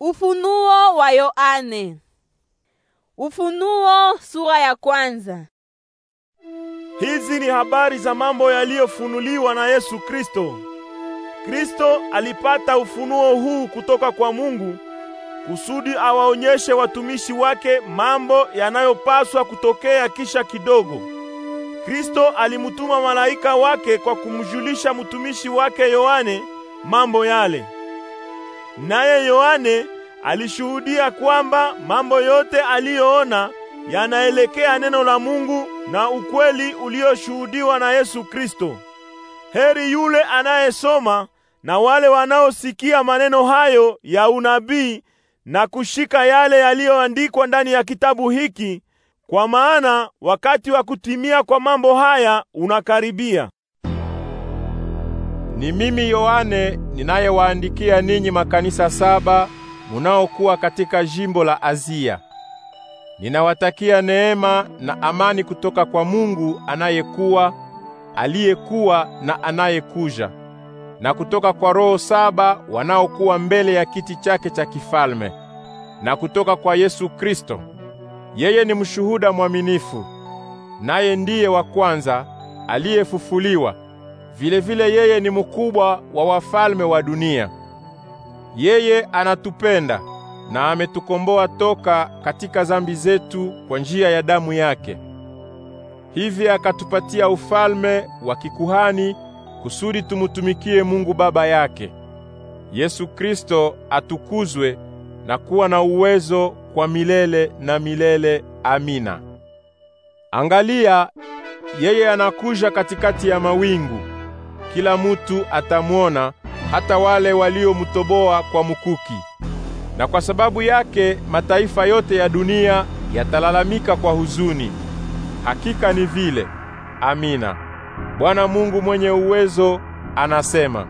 Ufunuo wa Yohane. Ufunuo sura ya kwanza. Hizi ni habari za mambo yaliyofunuliwa na Yesu Kristo. Kristo alipata ufunuo huu kutoka kwa Mungu kusudi awaonyeshe watumishi wake mambo yanayopaswa kutokea kisha kidogo. Kristo alimutuma malaika wake kwa kumjulisha mtumishi wake Yohane mambo yale. Naye Yohane alishuhudia kwamba mambo yote aliyoona yanaelekea neno la Mungu na ukweli ulioshuhudiwa na Yesu Kristo. Heri yule anayesoma na wale wanaosikia maneno hayo ya unabii na kushika yale yaliyoandikwa ndani ya kitabu hiki, kwa maana wakati wa kutimia kwa mambo haya unakaribia. Ni mimi Yohane ninayewaandikia ninyi makanisa saba munaokuwa katika jimbo la Azia. Ninawatakia neema na amani kutoka kwa Mungu anayekuwa, aliyekuwa na anayekuja, na kutoka kwa roho saba wanaokuwa mbele ya kiti chake cha kifalme, na kutoka kwa Yesu Kristo. Yeye ni mshuhuda mwaminifu, naye ndiye wa kwanza aliyefufuliwa Vilevile vile yeye ni mkubwa wa wafalme wa dunia. Yeye anatupenda na ametukomboa toka katika zambi zetu kwa njia ya damu yake. Hivi akatupatia ufalme wa kikuhani kusudi tumutumikie Mungu Baba yake. Yesu Kristo atukuzwe na kuwa na uwezo kwa milele na milele. Amina. Angalia, yeye anakuja katikati ya mawingu kila mutu atamwona, hata wale waliomutoboa kwa mukuki. Na kwa sababu yake mataifa yote ya dunia yatalalamika kwa huzuni. Hakika ni vile. Amina. Bwana Mungu mwenye uwezo anasema,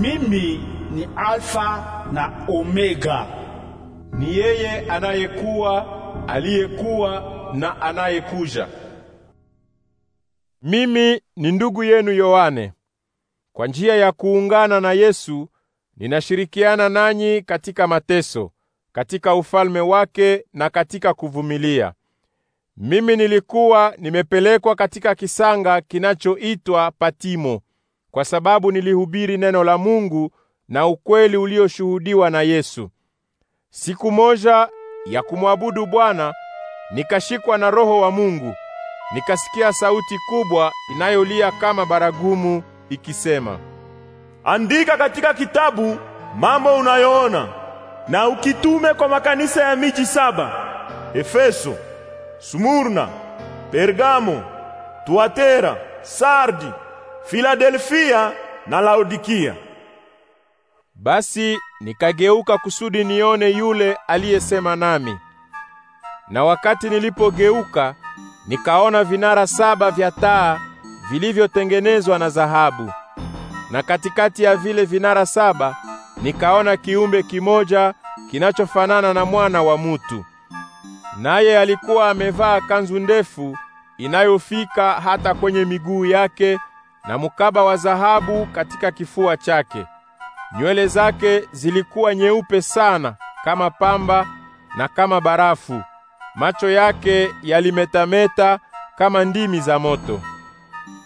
mimi ni Alfa na Omega, ni yeye anayekuwa, aliyekuwa na anayekuja. Mimi ni ndugu yenu Yohane. Kwa njia ya kuungana na Yesu ninashirikiana nanyi katika mateso, katika ufalme wake na katika kuvumilia. Mimi nilikuwa nimepelekwa katika kisanga kinachoitwa Patimo kwa sababu nilihubiri neno la Mungu na ukweli ulioshuhudiwa na Yesu. Siku moja ya kumwabudu Bwana nikashikwa na Roho wa Mungu nikasikia sauti kubwa inayolia kama baragumu ikisema, andika katika kitabu mambo unayoona na ukitume kwa makanisa ya miji saba: Efeso, Smurna, Pergamo, Tuatera, Sardi, Filadelfia na Laodikia. Basi nikageuka kusudi nione yule aliyesema nami. Na wakati nilipogeuka Nikaona vinara saba vya taa vilivyotengenezwa na dhahabu, na katikati ya vile vinara saba nikaona kiumbe kimoja kinachofanana na mwana wa mutu, naye alikuwa amevaa kanzu ndefu inayofika hata kwenye miguu yake na mukaba wa dhahabu katika kifua chake. Nywele zake zilikuwa nyeupe sana kama pamba na kama barafu, macho yake yalimetameta kama ndimi za moto,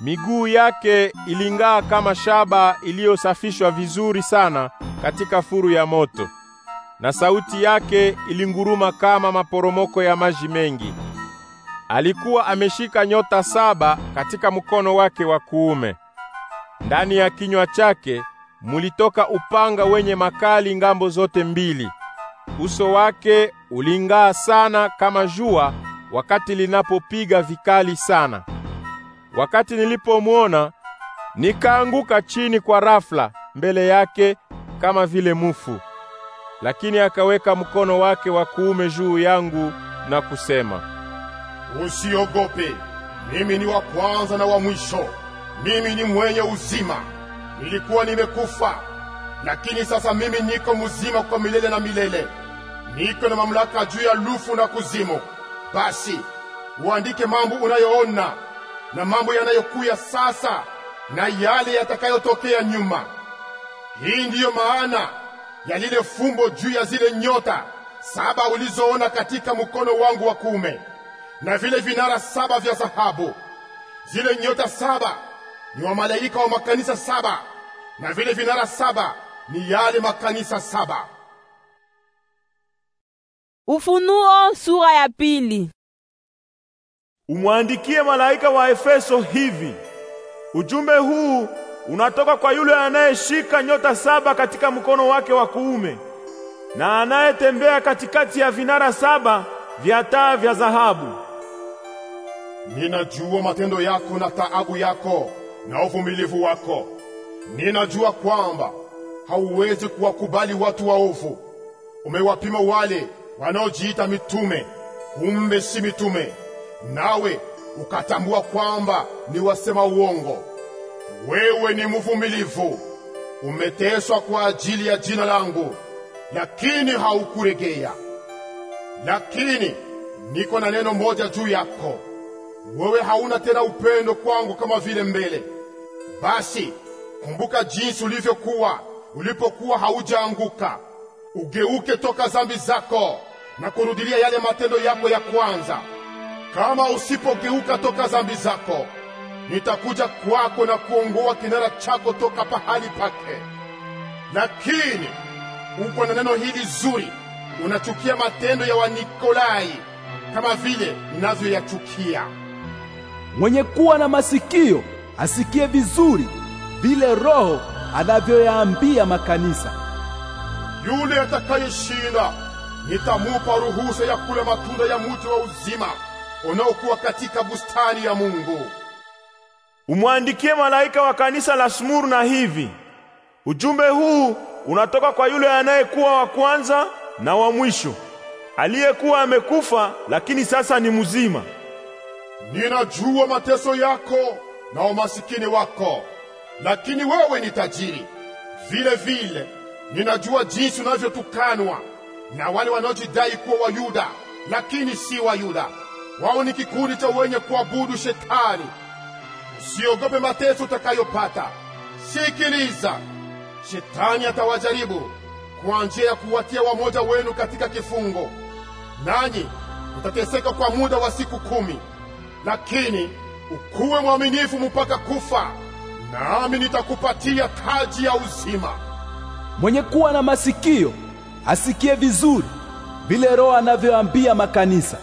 miguu yake iling'aa kama shaba iliyosafishwa vizuri sana katika furu ya moto, na sauti yake ilinguruma kama maporomoko ya maji mengi. Alikuwa ameshika nyota saba katika mkono wake wa kuume. Ndani ya kinywa chake mulitoka upanga wenye makali ngambo zote mbili. Uso wake uling'aa sana kama jua wakati linapopiga vikali sana. Wakati nilipomwona nikaanguka chini kwa rafla mbele yake kama vile mufu, lakini akaweka mkono wake wa kuume juu yangu na kusema, usiogope, mimi ni wa kwanza na wa mwisho, mimi ni mwenye uzima, nilikuwa nimekufa lakini sasa mimi niko mzima kwa milele na milele, niko na mamlaka juu ya lufu na kuzimu. Basi uandike mambo unayoona na mambo yanayokuya sasa na yale yatakayotokea nyuma. Hii ndiyo maana ya lile fumbo juu ya zile nyota saba ulizoona katika mkono wangu wa kuume na vile vinara saba vya dhahabu. Zile nyota saba ni wa malaika wa makanisa saba na vile vinara saba ni yale makanisa saba. Ufunuo sura ya pili. Umwandikie malaika wa Efeso hivi: ujumbe huu unatoka kwa yule anayeshika nyota saba katika mkono wake wa kuume na anayetembea katikati ya vinara saba vya taa vya dhahabu. Ninajua matendo yako na taabu yako na uvumilivu wako. Ninajua kwamba hauwezi kuwakubali watu waovu. Umewapima wale wanaojiita mitume, kumbe si mitume, nawe ukatambua kwamba ni wasema uongo. Wewe ni mvumilivu, umeteswa kwa ajili ya jina langu, lakini haukuregea. Lakini niko na neno moja juu yako, wewe hauna tena upendo kwangu kama vile mbele. Basi kumbuka jinsi ulivyokuwa ulipokuwa haujaanguka, ugeuke toka zambi zako na kurudilia yale matendo yako ya kwanza. Kama usipogeuka toka zambi zako, nitakuja kwako na kuongoa kinara chako toka pahali pake. Lakini uko na neno hili zuri, unachukia matendo ya Wanikolai kama vile ninavyoyachukia. Mwenye kuwa na masikio asikie vizuri vile Roho anavyoyaambia makanisa, yule atakayeshinda nitamupa ruhusa ya kula matunda ya muti wa uzima unaokuwa katika bustani ya Mungu. Umwandikie malaika wa kanisa la Smurna hivi: ujumbe huu unatoka kwa yule anayekuwa wa kwanza na wa mwisho, aliyekuwa amekufa lakini sasa ni mzima. Ninajua mateso yako na umasikini wako lakini wewe ni tajiri. Vile vile ninajua jinsi unavyotukanwa na wale wanaojidai kuwa Wayuda lakini si Wayuda. Wao ni kikundi cha wenye kuabudu Shetani. Usiogope mateso utakayopata. Sikiliza, Shetani atawajaribu kwa njia ya kuwatia wamoja wenu katika kifungo, nanyi utateseka kwa muda wa siku kumi. Lakini ukuwe mwaminifu mpaka kufa nami nitakupatia taji ya uzima. Mwenye kuwa na masikio asikie vizuri vile Roho anavyoambia makanisa.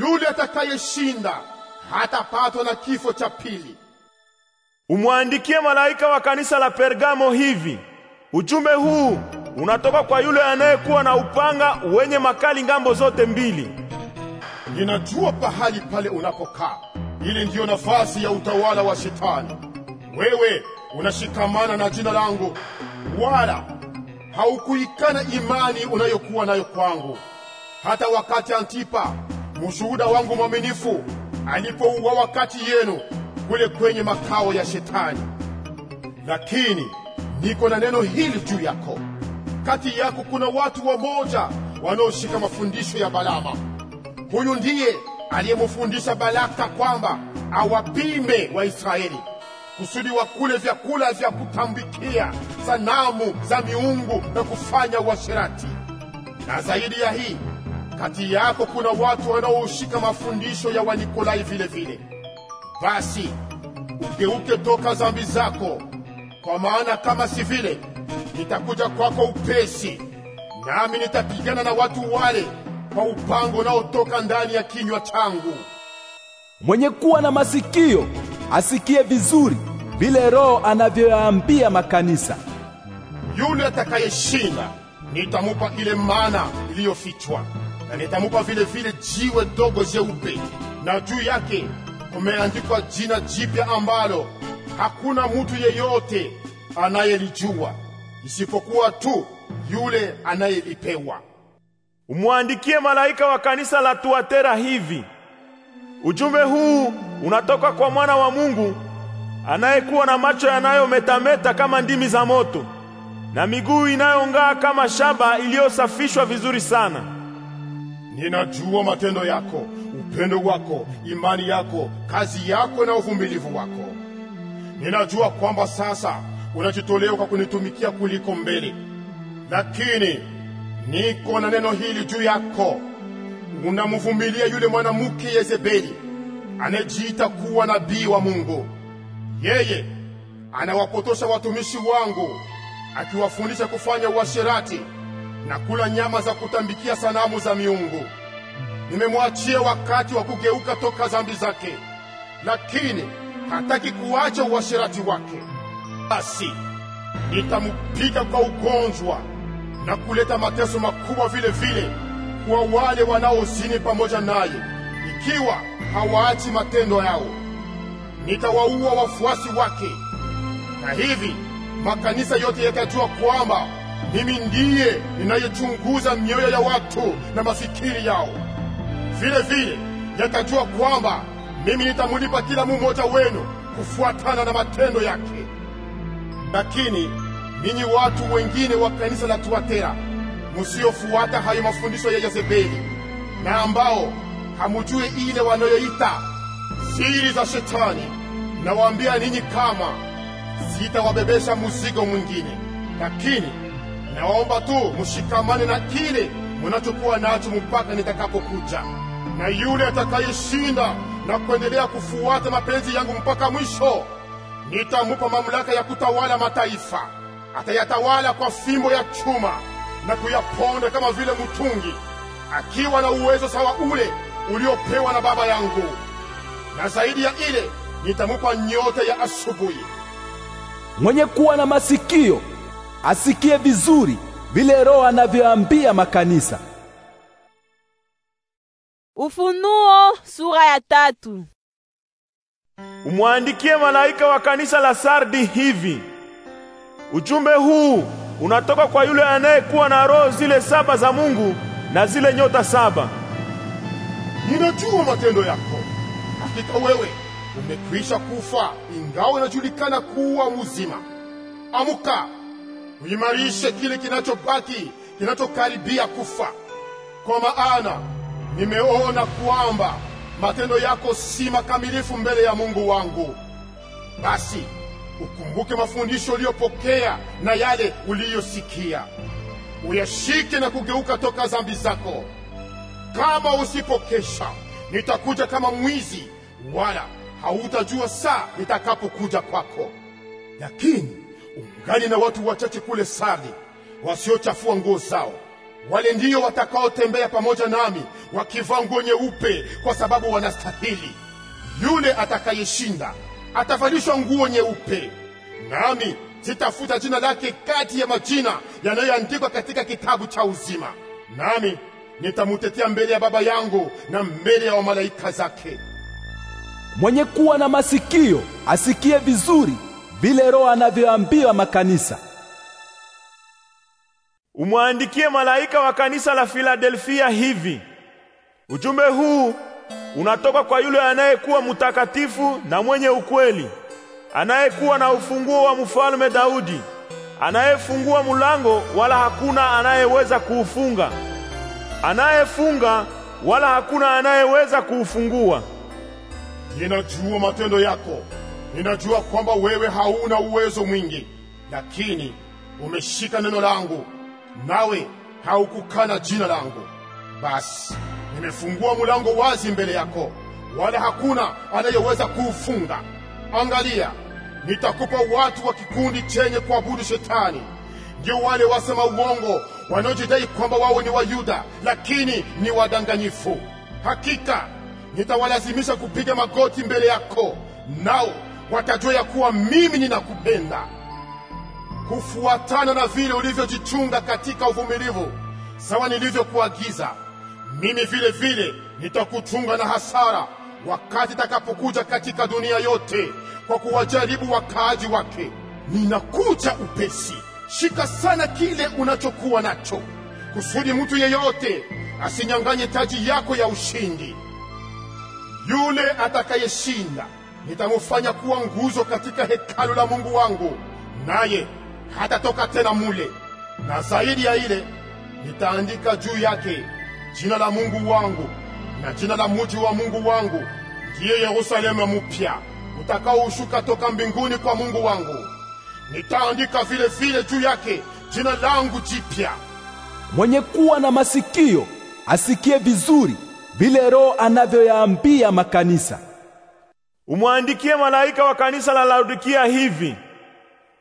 Yule atakayeshinda hatapatwa na kifo cha pili. Umwandikie malaika wa kanisa la Pergamo hivi: ujumbe huu unatoka kwa yule anayekuwa na upanga wenye makali ngambo zote mbili. Ninajua pahali pale unapokaa, ili ndiyo nafasi ya utawala wa Shetani. Wewe unashikamana na jina langu, wala haukuikana imani unayokuwa nayo kwangu, hata wakati Antipa mshuhuda wangu mwaminifu alipouawa wakati yenu kule kwenye makao ya Shetani. Lakini niko na neno hili juu yako, kati yako kuna watu wamoja wanaoshika mafundisho ya Balama. Huyu ndiye aliyemufundisha Balaka kwamba awapime Waisraeli kusudi wa kule vyakula vya kutambikia sanamu za miungu na kufanya uasherati. Na zaidi ya hii, kati yako kuna watu wanaoshika mafundisho ya Wanikolai vile vile. Basi ugeuke toka zambi zako, kwa maana kama si vile nitakuja kwako upesi, nami nitapigana na watu wale kwa upango unaotoka ndani ya kinywa changu. Mwenye kuwa na masikio asikie vizuri vile Roho anavyoyaambia makanisa. Yule atakayeshinda nitamupa ile mana iliyofichwa, na nitamupa vile vile jiwe dogo jeupe, na juu yake kumeandikwa jina jipya ambalo hakuna mutu yeyote anayelijua isipokuwa tu yule anayelipewa. Umwandikie malaika wa kanisa la Tuatera hivi: Ujumbe huu unatoka kwa mwana wa Mungu anayekuwa na macho yanayometameta kama ndimi za moto na miguu inayong'aa kama shaba iliyosafishwa vizuri sana. Ninajua matendo yako, upendo wako, imani yako, kazi yako na uvumilivu wako. Ninajua kwamba sasa unajitolea kwa kunitumikia kuliko mbele, lakini niko na neno hili juu yako mnamuvumilia yule mwanamke Yezebeli anayejiita kuwa nabii wa Mungu. Yeye anawapotosha watumishi wangu akiwafundisha kufanya uasherati na kula nyama za kutambikia sanamu za miungu. Nimemwachia wakati wa kugeuka toka dhambi zake, lakini hataki kuacha uasherati wake. Basi nitamupiga kwa ugonjwa na kuleta mateso makubwa vile vile kwa wale wanaozini pamoja naye, ikiwa hawaachi matendo yao. Nitawaua wafuasi wake, na hivi makanisa yote yatajua kwamba mimi ndiye ninayechunguza mioyo ya watu na mafikiri yao. Vile vile yatajua kwamba mimi nitamulipa kila mumoja wenu kufuatana na matendo yake. Lakini ninyi watu wengine wa kanisa la Tuatera msiofuata hayo mafundisho ya Yezebeli na ambao hamujui ile wanayoita siri za shetani. Nawaambia ninyi kama sitawabebesha mzigo mwingine, lakini naomba tu mushikamane na kile munachokuwa nacho mpaka nitakapokuja. Na yule atakayeshinda na kuendelea kufuata mapenzi yangu mpaka mwisho, nitamupa mamlaka ya kutawala mataifa, atayatawala kwa fimbo ya chuma na kuyaponda kama vile mtungi, akiwa na uwezo sawa ule uliopewa na Baba yangu, na zaidi ya ile nitamupa nyota ya asubuhi. Mwenye kuwa na masikio asikie vizuri vile Roho anavyoambia makanisa. Ufunuo sura ya tatu. Umwandikie malaika wa kanisa la Sardi hivi: Ujumbe huu unatoka kwa yule anayekuwa na roho zile saba za Mungu na zile nyota saba. Ninajua matendo yako, hakika wewe umekwisha kufa, ingawa inajulikana kuwa mzima. Amuka, uimarishe kile kinachobaki, kinachokaribia kufa, kwa maana nimeona kwamba matendo yako si makamilifu mbele ya Mungu wangu. Basi ukumbuke mafundisho uliyopokea na yale uliyosikia, uyashike na kugeuka toka dhambi zako. Kama usipokesha, nitakuja kama mwizi, wala hautajua saa nitakapokuja kwako. Lakini ungali na watu wachache kule Sardi wasiochafua nguo zao. Wale ndiyo watakaotembea pamoja nami wakivaa nguo nyeupe, kwa sababu wanastahili. Yule atakayeshinda atavalishwa nguo nyeupe, nami sitafuta jina lake kati ya majina yanayoandikwa katika kitabu cha uzima, nami nitamutetea mbele ya Baba yangu na mbele ya wamalaika zake. Mwenye kuwa na masikio asikie vizuri vile Roho anavyoambiwa makanisa. Umwandikie malaika wa kanisa la Filadelfia hivi: ujumbe huu unatoka kwa yule anayekuwa mtakatifu na mwenye ukweli, anayekuwa na ufunguo wa mfalme Daudi, anayefungua mulango wala hakuna anayeweza kuufunga, anayefunga wala hakuna anayeweza kuufungua. Ninajua matendo yako, ninajua kwamba wewe hauna uwezo mwingi, lakini umeshika neno langu, nawe haukukana jina langu. Basi nimefungua mulango wazi mbele yako, wala hakuna anayeweza kuufunga. Angalia, nitakupa watu wa kikundi chenye kuabudu Shetani, ndio wale wasema uongo wanaojidai kwamba wao ni Wayuda lakini ni wadanganyifu. Hakika nitawalazimisha kupiga magoti mbele yako, nao watajua ya kuwa mimi ninakupenda. Kufuatana na vile ulivyojichunga katika uvumilivu, sawa nilivyokuagiza mimi vile vile nitakuchunga na hasara wakati takapokuja katika dunia yote kwa kuwajaribu wakaaji wake. Ninakuja upesi. Shika sana kile unachokuwa nacho, kusudi mtu yeyote asinyang'anye taji yako ya ushindi. Yule atakayeshinda nitamufanya kuwa nguzo katika hekalu la Mungu wangu, naye hatatoka tena mule, na zaidi ya ile nitaandika juu yake jina la Mungu wangu na jina la muji wa Mungu wangu, ndiye Yerusalemu mupya utakaoushuka toka mbinguni kwa Mungu wangu. Nitaandika vile vile juu yake jina langu jipya. Mwenye kuwa na masikio asikie vizuri vile Roho anavyoyaambia makanisa. Umwandikie malaika wa kanisa la Laodikia hivi: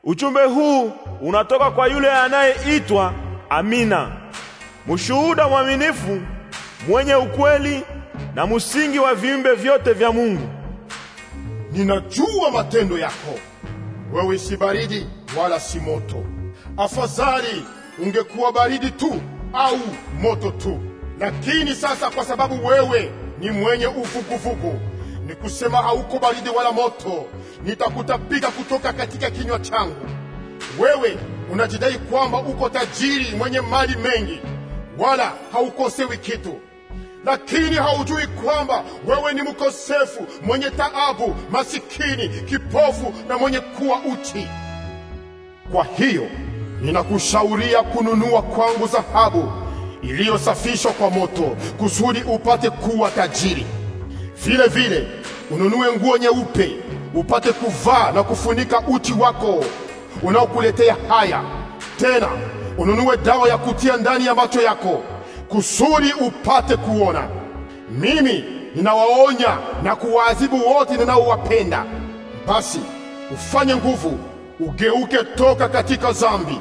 Uchumbe huu unatoka kwa yule anayeitwa Amina, mshuhuda mwaminifu mwenye ukweli na msingi wa viumbe vyote vya Mungu. Ninajua matendo yako, wewe si baridi wala si moto. Afadhali ungekuwa baridi tu au moto tu, lakini sasa kwa sababu wewe ni mwenye uvuguvugu, ni kusema hauko baridi wala moto, nitakutapiga kutoka katika kinywa changu. Wewe unajidai kwamba uko tajiri mwenye mali mengi wala haukosewi kitu lakini haujui kwamba wewe ni mkosefu mwenye taabu masikini kipofu na mwenye kuwa uchi kwa hiyo ninakushauria kununua kwangu dhahabu iliyosafishwa kwa moto kusudi upate kuwa tajiri vile vile ununue nguo nyeupe upate kuvaa na kufunika uchi wako unaokuletea haya tena ununue dawa ya kutia ndani ya macho yako kusudi upate kuona. Mimi ninawaonya na kuwaadhibu wote ninaowapenda. Basi ufanye nguvu, ugeuke toka katika zambi.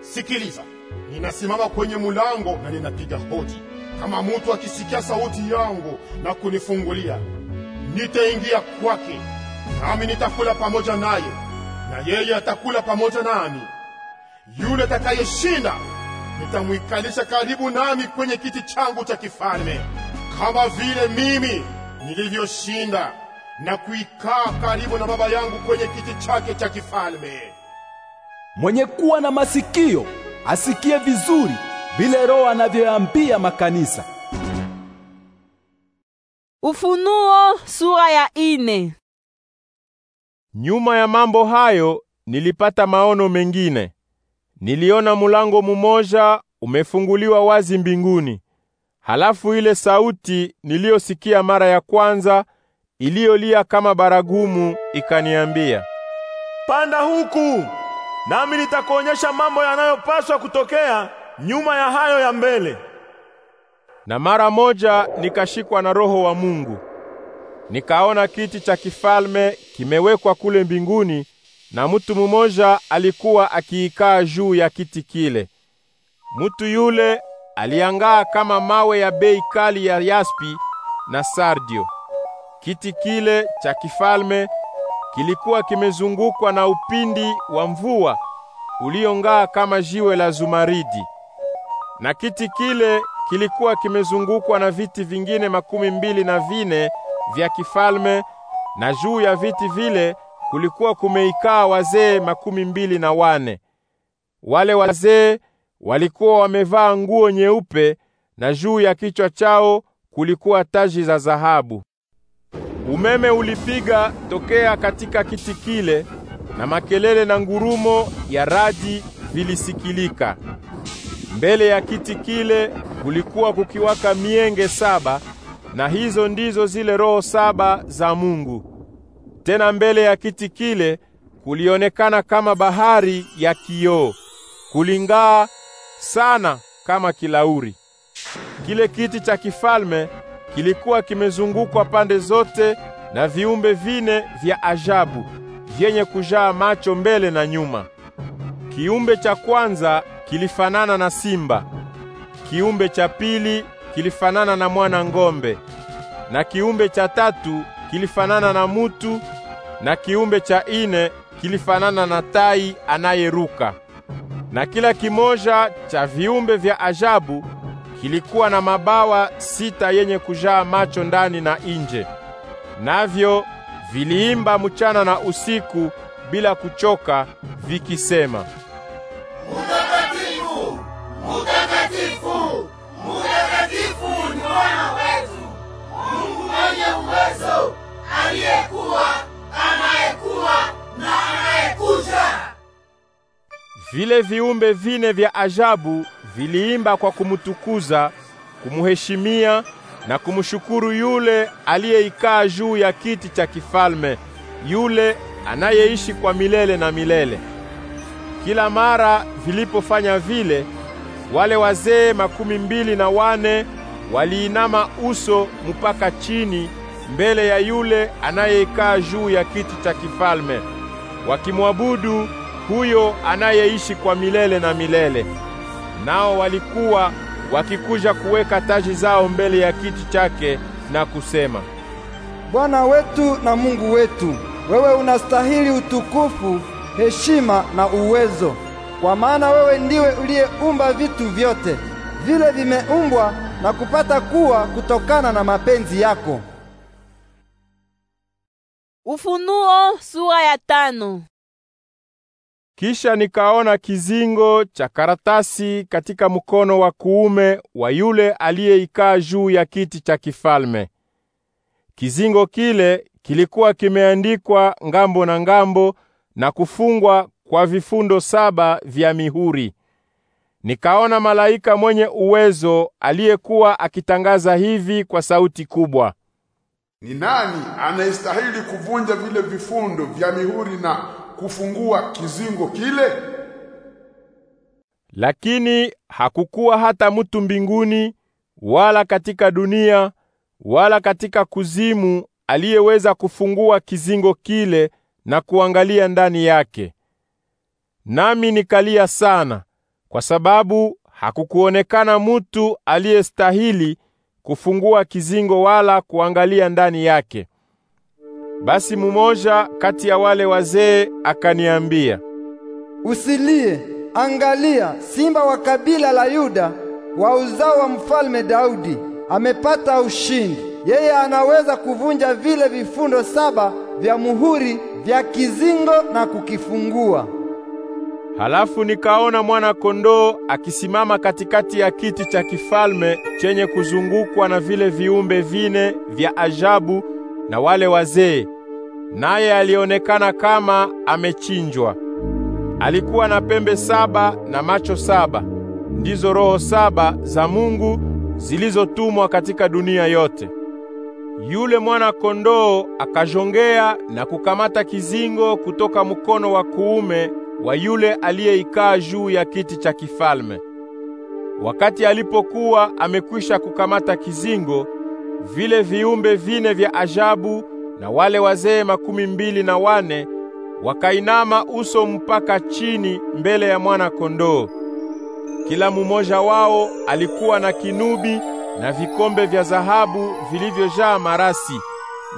Sikiliza, ninasimama kwenye mulango na ninapiga hodi. Kama mutu akisikia sauti yangu na kunifungulia, nitaingia kwake, nami nitakula pamoja naye na yeye atakula pamoja nami. Yule atakayeshinda nitamwikalisha karibu nami kwenye kiti changu cha kifalme, kama vile mimi nilivyoshinda na kuikaa karibu na Baba yangu kwenye kiti chake cha kifalme. Mwenye kuwa na masikio asikie vizuri vile Roho anavyoambia makanisa. Ufunuo sura ya ine. Nyuma ya mambo hayo nilipata maono mengine niliona mulango mumoja umefunguliwa wazi mbinguni. Halafu ile sauti niliyosikia mara ya kwanza iliyolia kama baragumu ikaniambia, panda huku, nami nitakuonyesha mambo yanayopaswa kutokea nyuma ya hayo ya mbele. Na mara moja nikashikwa na Roho wa Mungu, nikaona kiti cha kifalme kimewekwa kule mbinguni na mutu mumoja alikuwa akiikaa juu ya kiti kile. Mutu yule aliangaa kama mawe ya bei kali ya yaspi na sardio. Kiti kile cha kifalme kilikuwa kimezungukwa na upindi wa mvua uliong'aa kama jiwe la zumaridi, na kiti kile kilikuwa kimezungukwa na viti vingine makumi mbili na vine vya kifalme, na juu ya viti vile kulikuwa kumeikaa wazee makumi mbili na wane. Wale wazee walikuwa wamevaa nguo nyeupe na juu ya kichwa chao kulikuwa taji za dhahabu. Umeme ulipiga tokea katika kiti kile na makelele na ngurumo ya radi vilisikilika. Mbele ya kiti kile kulikuwa kukiwaka mienge saba na hizo ndizo zile roho saba za Mungu. Tena mbele ya kiti kile kulionekana kama bahari ya kioo, kuling'aa sana kama kilauri. Kile kiti cha kifalme kilikuwa kimezungukwa pande zote na viumbe vine vya ajabu vyenye kujaa macho mbele na nyuma. Kiumbe cha kwanza kilifanana na simba, kiumbe cha pili kilifanana na mwana ng'ombe, na kiumbe cha tatu kilifanana na mutu na kiumbe cha ine kilifanana na tai anayeruka. Na kila kimoja cha viumbe vya ajabu kilikuwa na mabawa sita yenye kujaa macho ndani na nje, navyo viliimba mchana na usiku bila kuchoka, vikisema: Mutakatifu, mutakatifu, mutakatifu ni Bwana wetu Mungu mwenye uwezo, aliyekuwa anayekuwa na anayekuja. Vile viumbe vine vya ajabu viliimba kwa kumtukuza, kumuheshimia na kumshukuru yule aliyeikaa juu ya kiti cha kifalme, yule anayeishi kwa milele na milele. Kila mara vilipofanya vile, wale wazee makumi mbili na wane waliinama uso mpaka chini mbele ya yule anayeikaa juu ya kiti cha kifalme, wakimwabudu huyo anayeishi kwa milele na milele. Nao walikuwa wakikuja kuweka taji zao mbele ya kiti chake na kusema, Bwana wetu na Mungu wetu, wewe unastahili utukufu, heshima na uwezo, kwa maana wewe ndiwe uliyeumba vitu vyote, vile vimeumbwa na kupata kuwa kutokana na mapenzi yako. Ufunuo sura ya tano. Kisha nikaona kizingo cha karatasi katika mkono wa kuume wa yule aliyeikaa juu ya kiti cha kifalme. Kizingo kile kilikuwa kimeandikwa ngambo na ngambo na kufungwa kwa vifundo saba vya mihuri. Nikaona malaika mwenye uwezo aliyekuwa akitangaza hivi kwa sauti kubwa: ni nani anayestahili kuvunja vile vifundo vya mihuri na kufungua kizingo kile? Lakini hakukuwa hata mtu mbinguni wala katika dunia wala katika kuzimu aliyeweza kufungua kizingo kile na kuangalia ndani yake. Nami nikalia sana kwa sababu hakukuonekana mutu aliyestahili kufungua kizingo wala kuangalia ndani yake. Basi mumoja kati ya wale wazee akaniambia, usilie, angalia, simba wa kabila la Yuda wa uzao wa mfalme Daudi amepata ushindi. Yeye anaweza kuvunja vile vifundo saba vya muhuri vya kizingo na kukifungua. Halafu nikaona mwana-kondoo akisimama katikati ya kiti cha kifalme chenye kuzungukwa na vile viumbe vine vya ajabu na wale wazee, naye alionekana kama amechinjwa. Alikuwa na pembe saba na macho saba, ndizo roho saba za Mungu zilizotumwa katika dunia yote. Yule mwana-kondoo akajongea na kukamata kizingo kutoka mkono wa kuume wa yule aliyeikaa juu ya kiti cha kifalme. Wakati alipokuwa amekwisha kukamata kizingo, vile viumbe vine vya ajabu na wale wazee makumi mbili na wane wakainama uso mpaka chini mbele ya mwana kondoo. Kila mumoja wao alikuwa na kinubi na vikombe vya dhahabu vilivyojaa marasi,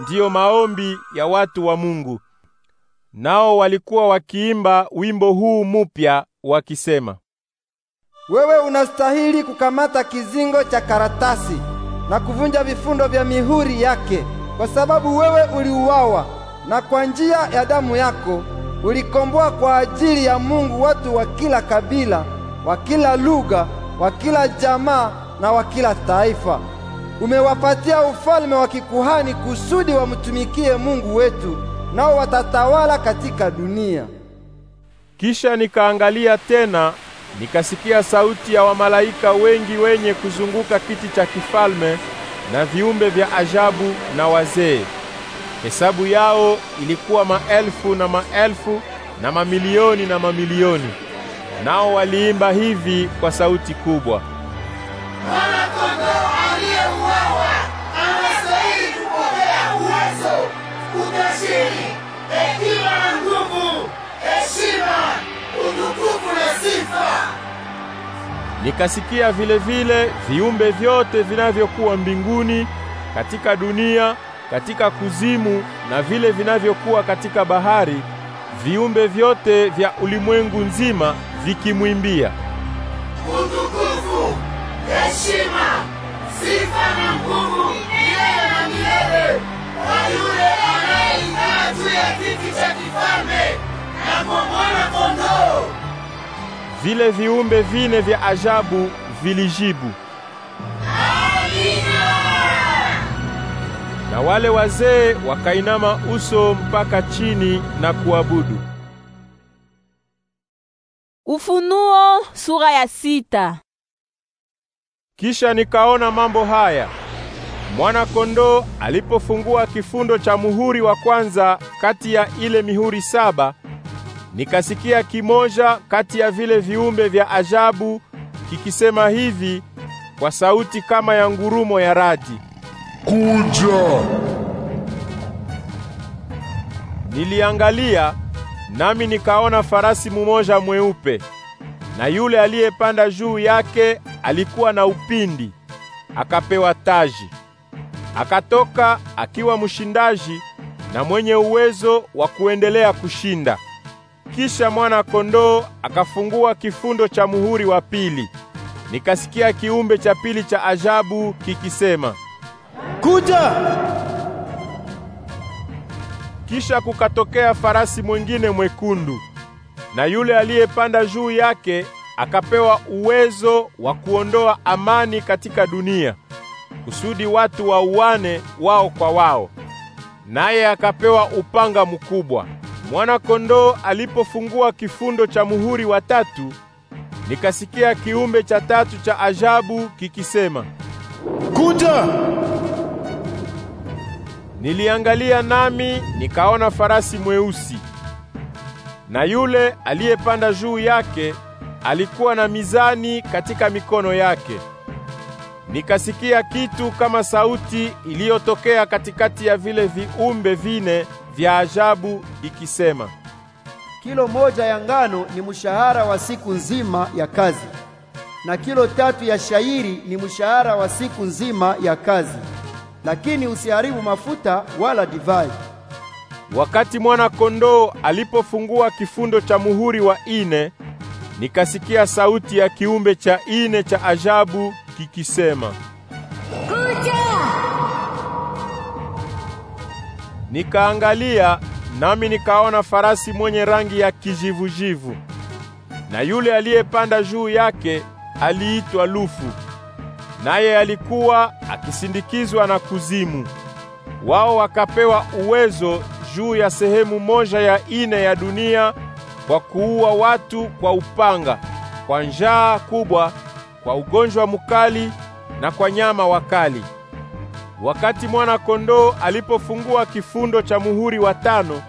ndiyo maombi ya watu wa Mungu. Nao walikuwa wakiimba wimbo huu mupya wakisema, wewe unastahili kukamata kizingo cha karatasi na kuvunja vifundo vya mihuri yake, kwa sababu wewe uliuawa na kwa njia ya damu yako ulikomboa kwa ajili ya Mungu watu wa kila kabila, wa kila lugha, wa kila jamaa na wa kila taifa. Umewapatia ufalme wa kikuhani kusudi wamtumikie Mungu wetu nao watatawala katika dunia. Kisha nikaangalia tena, nikasikia sauti ya wamalaika wengi wenye kuzunguka kiti cha kifalme na viumbe vya ajabu na wazee. Hesabu yao ilikuwa maelfu na maelfu na mamilioni na mamilioni. Nao waliimba hivi kwa sauti kubwa: Mwana-kondoo ujasiri hekima na nguvu heshima utukufu na sifa nikasikia vile vile viumbe vyote vinavyokuwa mbinguni katika dunia katika kuzimu na vile vinavyokuwa katika bahari viumbe vyote vya ulimwengu nzima vikimwimbia utukufu, heshima, sifa na nguvu milele na milele kwa yule juu ya kiti cha kifalme na kwa mwana-kondoo. Vile viumbe vine vya ajabu vilijibu Amina. Na wale wazee wakainama uso mpaka chini na kuabudu. Ufunuo sura ya sita. Kisha nikaona mambo haya. Mwana-kondoo alipofungua kifundo cha muhuri wa kwanza kati ya ile mihuri saba, nikasikia kimoja kati ya vile viumbe vya ajabu kikisema hivi kwa sauti kama ya ngurumo ya radi, kuja! Niliangalia nami nikaona farasi mumoja mweupe, na yule aliyepanda juu yake alikuwa na upindi akapewa taji akatoka akiwa mshindaji na mwenye uwezo wa kuendelea kushinda. Kisha mwana-kondoo akafungua kifundo cha muhuri wa pili. Nikasikia kiumbe cha pili cha ajabu kikisema, kuja! Kisha kukatokea farasi mwingine mwekundu, na yule aliyepanda juu yake akapewa uwezo wa kuondoa amani katika dunia kusudi watu wauane wao kwa wao. Naye akapewa upanga mkubwa. Mwana-kondoo alipofungua kifundo cha muhuri wa tatu, nikasikia kiumbe cha tatu cha ajabu kikisema, kuja! Niliangalia nami nikaona farasi mweusi, na yule aliyepanda juu yake alikuwa na mizani katika mikono yake nikasikia kitu kama sauti iliyotokea katikati ya vile viumbe vine vya ajabu ikisema, kilo moja ya ngano ni mshahara wa siku nzima ya kazi, na kilo tatu ya shairi ni mshahara wa siku nzima ya kazi, lakini usiharibu mafuta wala divai. Wakati mwana kondoo alipofungua kifundo cha muhuri wa ine, nikasikia sauti ya kiumbe cha ine cha ajabu kikisema, Kuja! Nikaangalia nami nikaona farasi mwenye rangi ya kijivujivu, na yule aliyepanda juu yake aliitwa Lufu, naye alikuwa akisindikizwa na kuzimu. Wao wakapewa uwezo juu ya sehemu moja ya ine ya dunia kwa kuua watu kwa upanga, kwa njaa kubwa kwa ugonjwa mkali na kwa nyama wakali. Wakati mwana-kondoo alipofungua kifundo cha muhuri wa tano,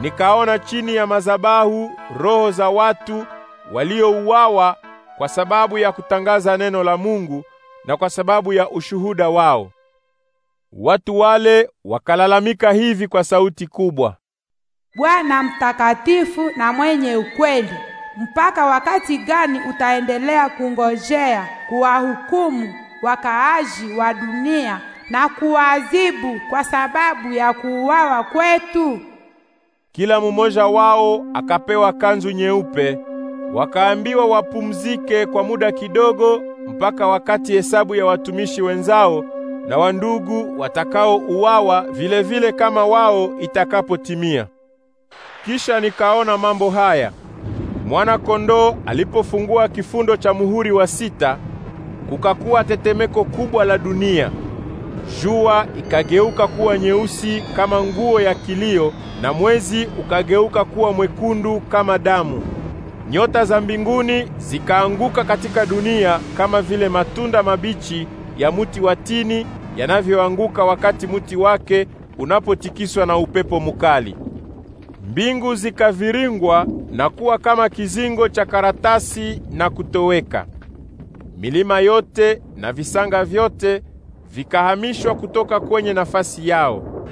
nikaona chini ya mazabahu roho za watu waliouawa kwa sababu ya kutangaza neno la Mungu na kwa sababu ya ushuhuda wao. Watu wale wakalalamika hivi kwa sauti kubwa, Bwana mtakatifu na mwenye ukweli mpaka wakati gani utaendelea kungojea kuwahukumu wakaaji wa dunia na kuwaadhibu kwa sababu ya kuuawa kwetu? Kila mumoja wao akapewa kanzu nyeupe, wakaambiwa wapumzike kwa muda kidogo, mpaka wakati hesabu ya watumishi wenzao na wandugu watakaouawa vilevile kama wao itakapotimia. Kisha nikaona mambo haya. Mwana-kondoo alipofungua kifundo cha muhuri wa sita, kukakuwa tetemeko kubwa la dunia. Jua ikageuka kuwa nyeusi kama nguo ya kilio, na mwezi ukageuka kuwa mwekundu kama damu. Nyota za mbinguni zikaanguka katika dunia kama vile matunda mabichi ya muti wa tini yanavyoanguka wakati muti wake unapotikiswa na upepo mukali mbingu zikaviringwa na kuwa kama kizingo cha karatasi na kutoweka. Milima yote na visanga vyote vikahamishwa kutoka kwenye nafasi yao.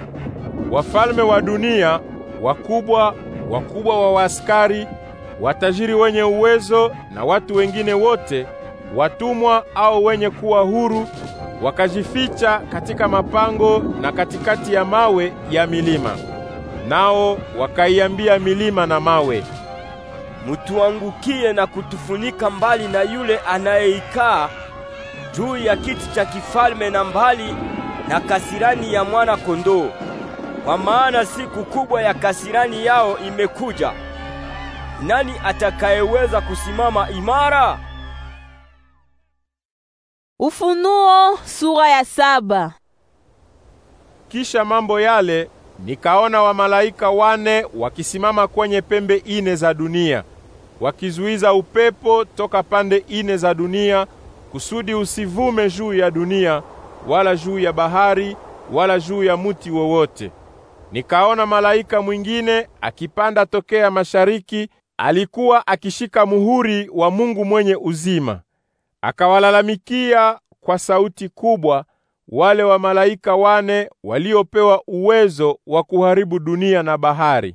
Wafalme wa dunia, wakubwa wakubwa wa waaskari, watajiri wenye uwezo na watu wengine wote, watumwa au wenye kuwa huru, wakajificha katika mapango na katikati ya mawe ya milima nao wakaiambia milima na mawe, mutuangukie na kutufunika mbali na yule anayeikaa juu ya kiti cha kifalme na mbali na kasirani ya mwana kondoo, kwa maana siku kubwa ya kasirani yao imekuja. Nani atakayeweza kusimama imara? Ufunuo sura ya saba. Kisha mambo yale nikaona wamalaika wane wakisimama kwenye pembe ine za dunia wakizuiza upepo toka pande ine za dunia kusudi usivume juu ya dunia wala juu ya bahari wala juu ya muti wowote. Nikaona malaika mwingine akipanda tokea mashariki, alikuwa akishika muhuri wa Mungu mwenye uzima. Akawalalamikia kwa sauti kubwa wale wa malaika wane waliopewa uwezo wa kuharibu dunia na bahari.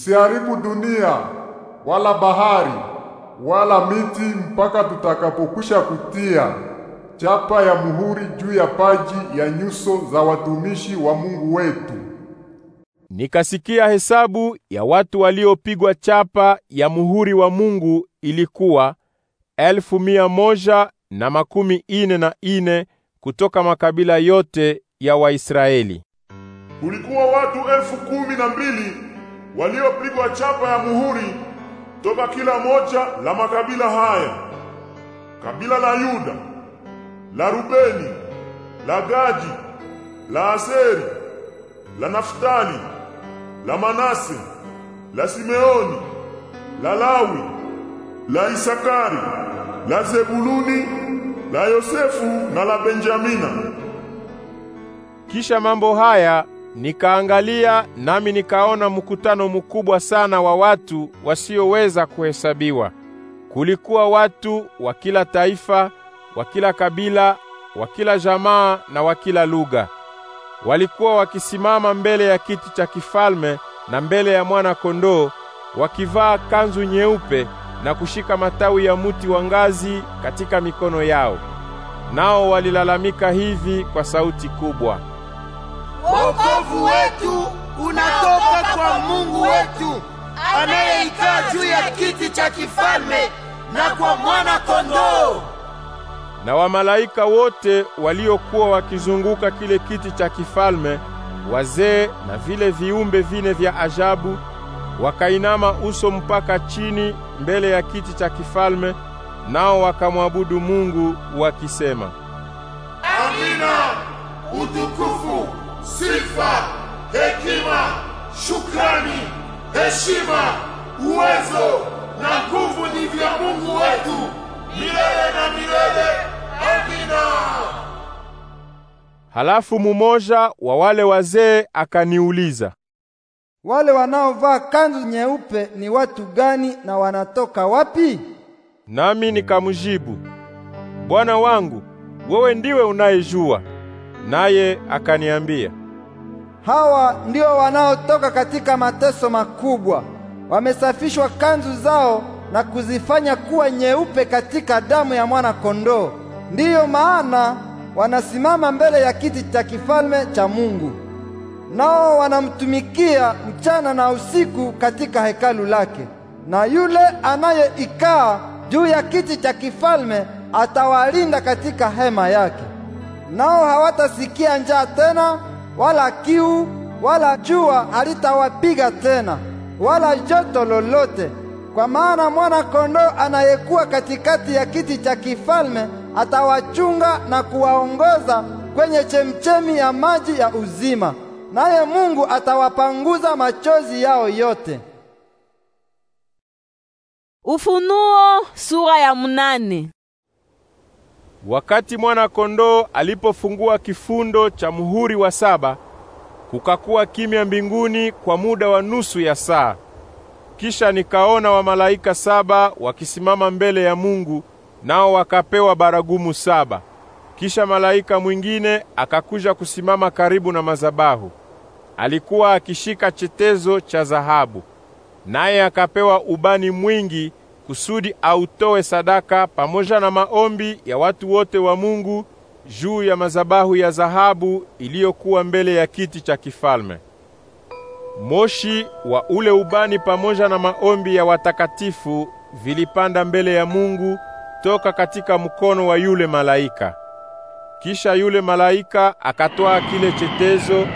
Siharibu dunia wala bahari wala miti mpaka tutakapokwisha kutia chapa ya muhuri juu ya paji ya nyuso za watumishi wa Mungu wetu. Nikasikia hesabu ya watu waliopigwa chapa ya muhuri wa Mungu ilikuwa elfu mia moja na makumi ine na ine kutoka makabila yote ya Waisraeli. Kulikuwa watu elfu kumi na mbili waliopigwa chapa ya muhuri toka kila moja la makabila haya: kabila la Yuda, la Rubeni, la Gadi, la Aseri, la Naftali, la Manase, la Simeoni, la Lawi, la Isakari, la Zebuluni la Yosefu na la Benjamina. Kisha mambo haya nikaangalia, nami nikaona mkutano mkubwa sana wa watu wasioweza kuhesabiwa. Kulikuwa watu wa kila taifa, wa kila kabila, wa kila jamaa na wa kila lugha. Walikuwa wakisimama mbele ya kiti cha kifalme na mbele ya mwana kondoo wakivaa kanzu nyeupe na kushika matawi ya muti wa ngazi katika mikono yao. Nao walilalamika hivi kwa sauti kubwa, wokovu wetu unatoka kwa Mungu wetu anayeikaa juu ya kiti cha kifalme na kwa mwana kondoo. Na wamalaika wote waliokuwa wakizunguka kile kiti cha kifalme, wazee na vile viumbe vine vya ajabu, wakainama uso mpaka chini mbele ya kiti cha kifalme, nao wakamwabudu Mungu wakisema, Amina, utukufu, sifa, hekima, shukrani, heshima, uwezo na nguvu ni vya Mungu wetu milele na milele. Amina. Halafu mumoja wa wale wazee akaniuliza, wale wanaovaa kanzu nyeupe ni watu gani na wanatoka wapi? Nami nikamjibu, Bwana wangu, wewe ndiwe unayejua. Naye akaniambia, hawa ndio wanaotoka katika mateso makubwa, wamesafishwa kanzu zao na kuzifanya kuwa nyeupe katika damu ya mwana kondoo. Ndiyo maana wanasimama mbele ya kiti cha kifalme cha Mungu nao wanamtumikia mchana na usiku katika hekalu lake. Na yule anayeikaa juu ya kiti cha kifalme atawalinda katika hema yake. Nao hawatasikia njaa tena, wala kiu, wala jua halitawapiga tena, wala joto lolote, kwa maana mwana-kondoo anayekuwa katikati ya kiti cha kifalme atawachunga na kuwaongoza kwenye chemchemi ya maji ya uzima naye Mungu atawapanguza machozi yao yote. Ufunuo sura ya munane. Wakati mwana kondoo alipofungua kifundo cha muhuri wa saba, kukakuwa kimya mbinguni kwa muda wa nusu ya saa. Kisha nikaona wamalaika saba wakisimama mbele ya Mungu, nao wakapewa baragumu saba. Kisha malaika mwingine akakuja kusimama karibu na mazabahu alikuwa akishika chetezo cha dhahabu, naye akapewa ubani mwingi kusudi autoe sadaka pamoja na maombi ya watu wote wa Mungu juu ya mazabahu ya dhahabu iliyokuwa mbele ya kiti cha kifalme. Moshi wa ule ubani pamoja na maombi ya watakatifu vilipanda mbele ya Mungu toka katika mkono wa yule malaika. Kisha yule malaika akatoa kile chetezo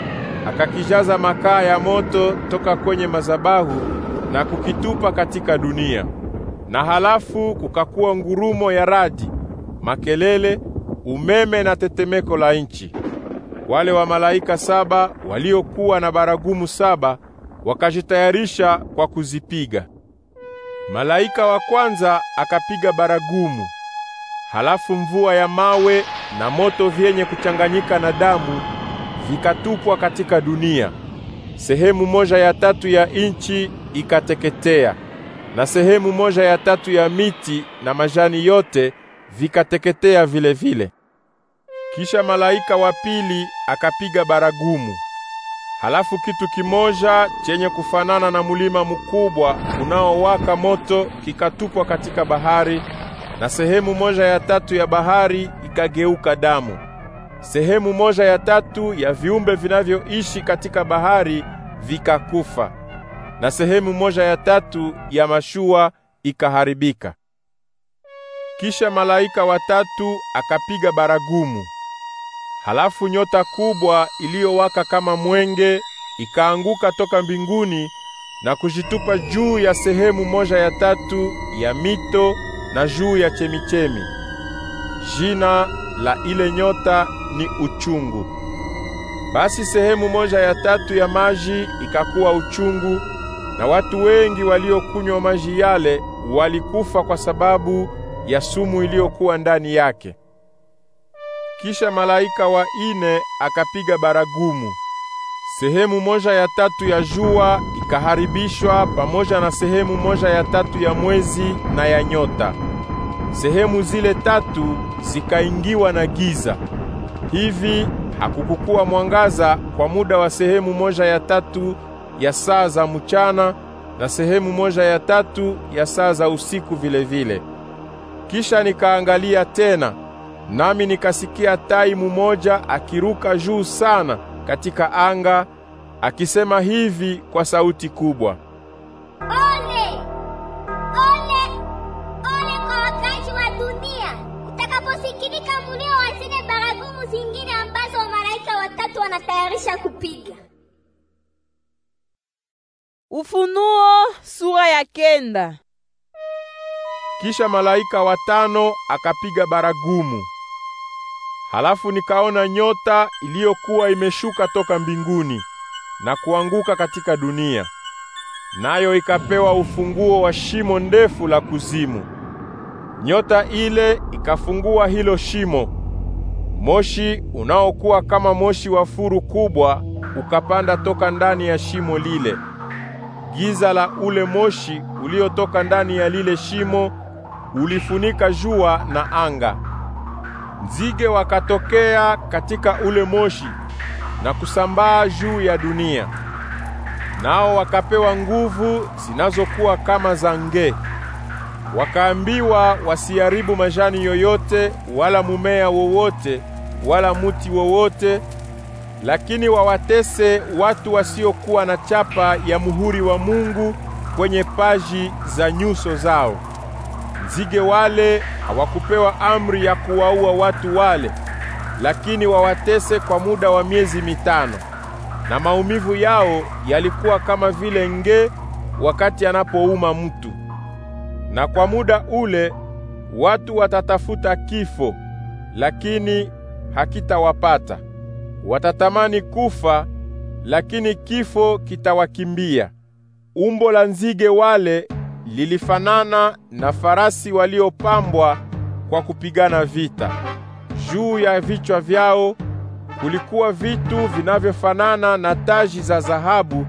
akakijaza makaa ya moto toka kwenye mazabahu na kukitupa katika dunia. Na halafu kukakuwa ngurumo ya radi, makelele, umeme na tetemeko la nchi. Wale wa malaika saba waliokuwa na baragumu saba wakajitayarisha kwa kuzipiga. Malaika wa kwanza akapiga baragumu, halafu mvua ya mawe na moto vyenye kuchanganyika na damu vikatupwa katika dunia. Sehemu moja ya tatu ya inchi ikateketea, na sehemu moja ya tatu ya miti na majani yote vikateketea vile vile. Kisha malaika wa pili akapiga baragumu. Halafu kitu kimoja chenye kufanana na mulima mkubwa unaowaka moto kikatupwa katika bahari, na sehemu moja ya tatu ya bahari ikageuka damu sehemu moja ya tatu ya viumbe vinavyoishi katika bahari vikakufa, na sehemu moja ya tatu ya mashua ikaharibika. Kisha malaika watatu akapiga baragumu, halafu nyota kubwa iliyowaka kama mwenge ikaanguka toka mbinguni na kujitupa juu ya sehemu moja ya tatu ya mito na juu ya chemichemi. Jina la ile nyota ni uchungu. Basi sehemu moja ya tatu ya maji ikakuwa uchungu, na watu wengi waliokunywa maji yale walikufa kwa sababu ya sumu iliyokuwa ndani yake. Kisha malaika wa ine akapiga baragumu. Sehemu moja ya tatu ya jua ikaharibishwa pamoja na sehemu moja ya tatu ya mwezi na ya nyota sehemu zile tatu zikaingiwa na giza. Hivi hakukukua mwangaza kwa muda wa sehemu moja ya tatu ya saa za mchana na sehemu moja ya tatu ya saa za usiku vile vile. Kisha nikaangalia tena, nami nikasikia tai mumoja akiruka juu sana katika anga akisema hivi kwa sauti kubwa: kenda. Kisha malaika watano akapiga baragumu. Halafu nikaona nyota iliyokuwa imeshuka toka mbinguni na kuanguka katika dunia. Nayo ikapewa ufunguo wa shimo ndefu la kuzimu. Nyota ile ikafungua hilo shimo. Moshi unaokuwa kama moshi wa furu kubwa ukapanda toka ndani ya shimo lile. Giza la ule moshi uliotoka ndani ya lile shimo ulifunika jua na anga. Nzige wakatokea katika ule moshi na kusambaa juu ya dunia, nao wakapewa nguvu zinazokuwa kama za nge. Wakaambiwa wasiharibu majani yoyote wala mumea wowote wala muti wowote lakini wawatese watu wasiokuwa na chapa ya muhuri wa Mungu kwenye paji za nyuso zao. Nzige wale hawakupewa amri ya kuwaua watu wale, lakini wawatese kwa muda wa miezi mitano, na maumivu yao yalikuwa kama vile nge wakati anapouma mtu. Na kwa muda ule watu watatafuta kifo, lakini hakitawapata. Watatamani kufa, lakini kifo kitawakimbia. Umbo la nzige wale lilifanana na farasi waliopambwa kwa kupigana vita. Juu ya vichwa vyao kulikuwa vitu vinavyofanana na taji za dhahabu,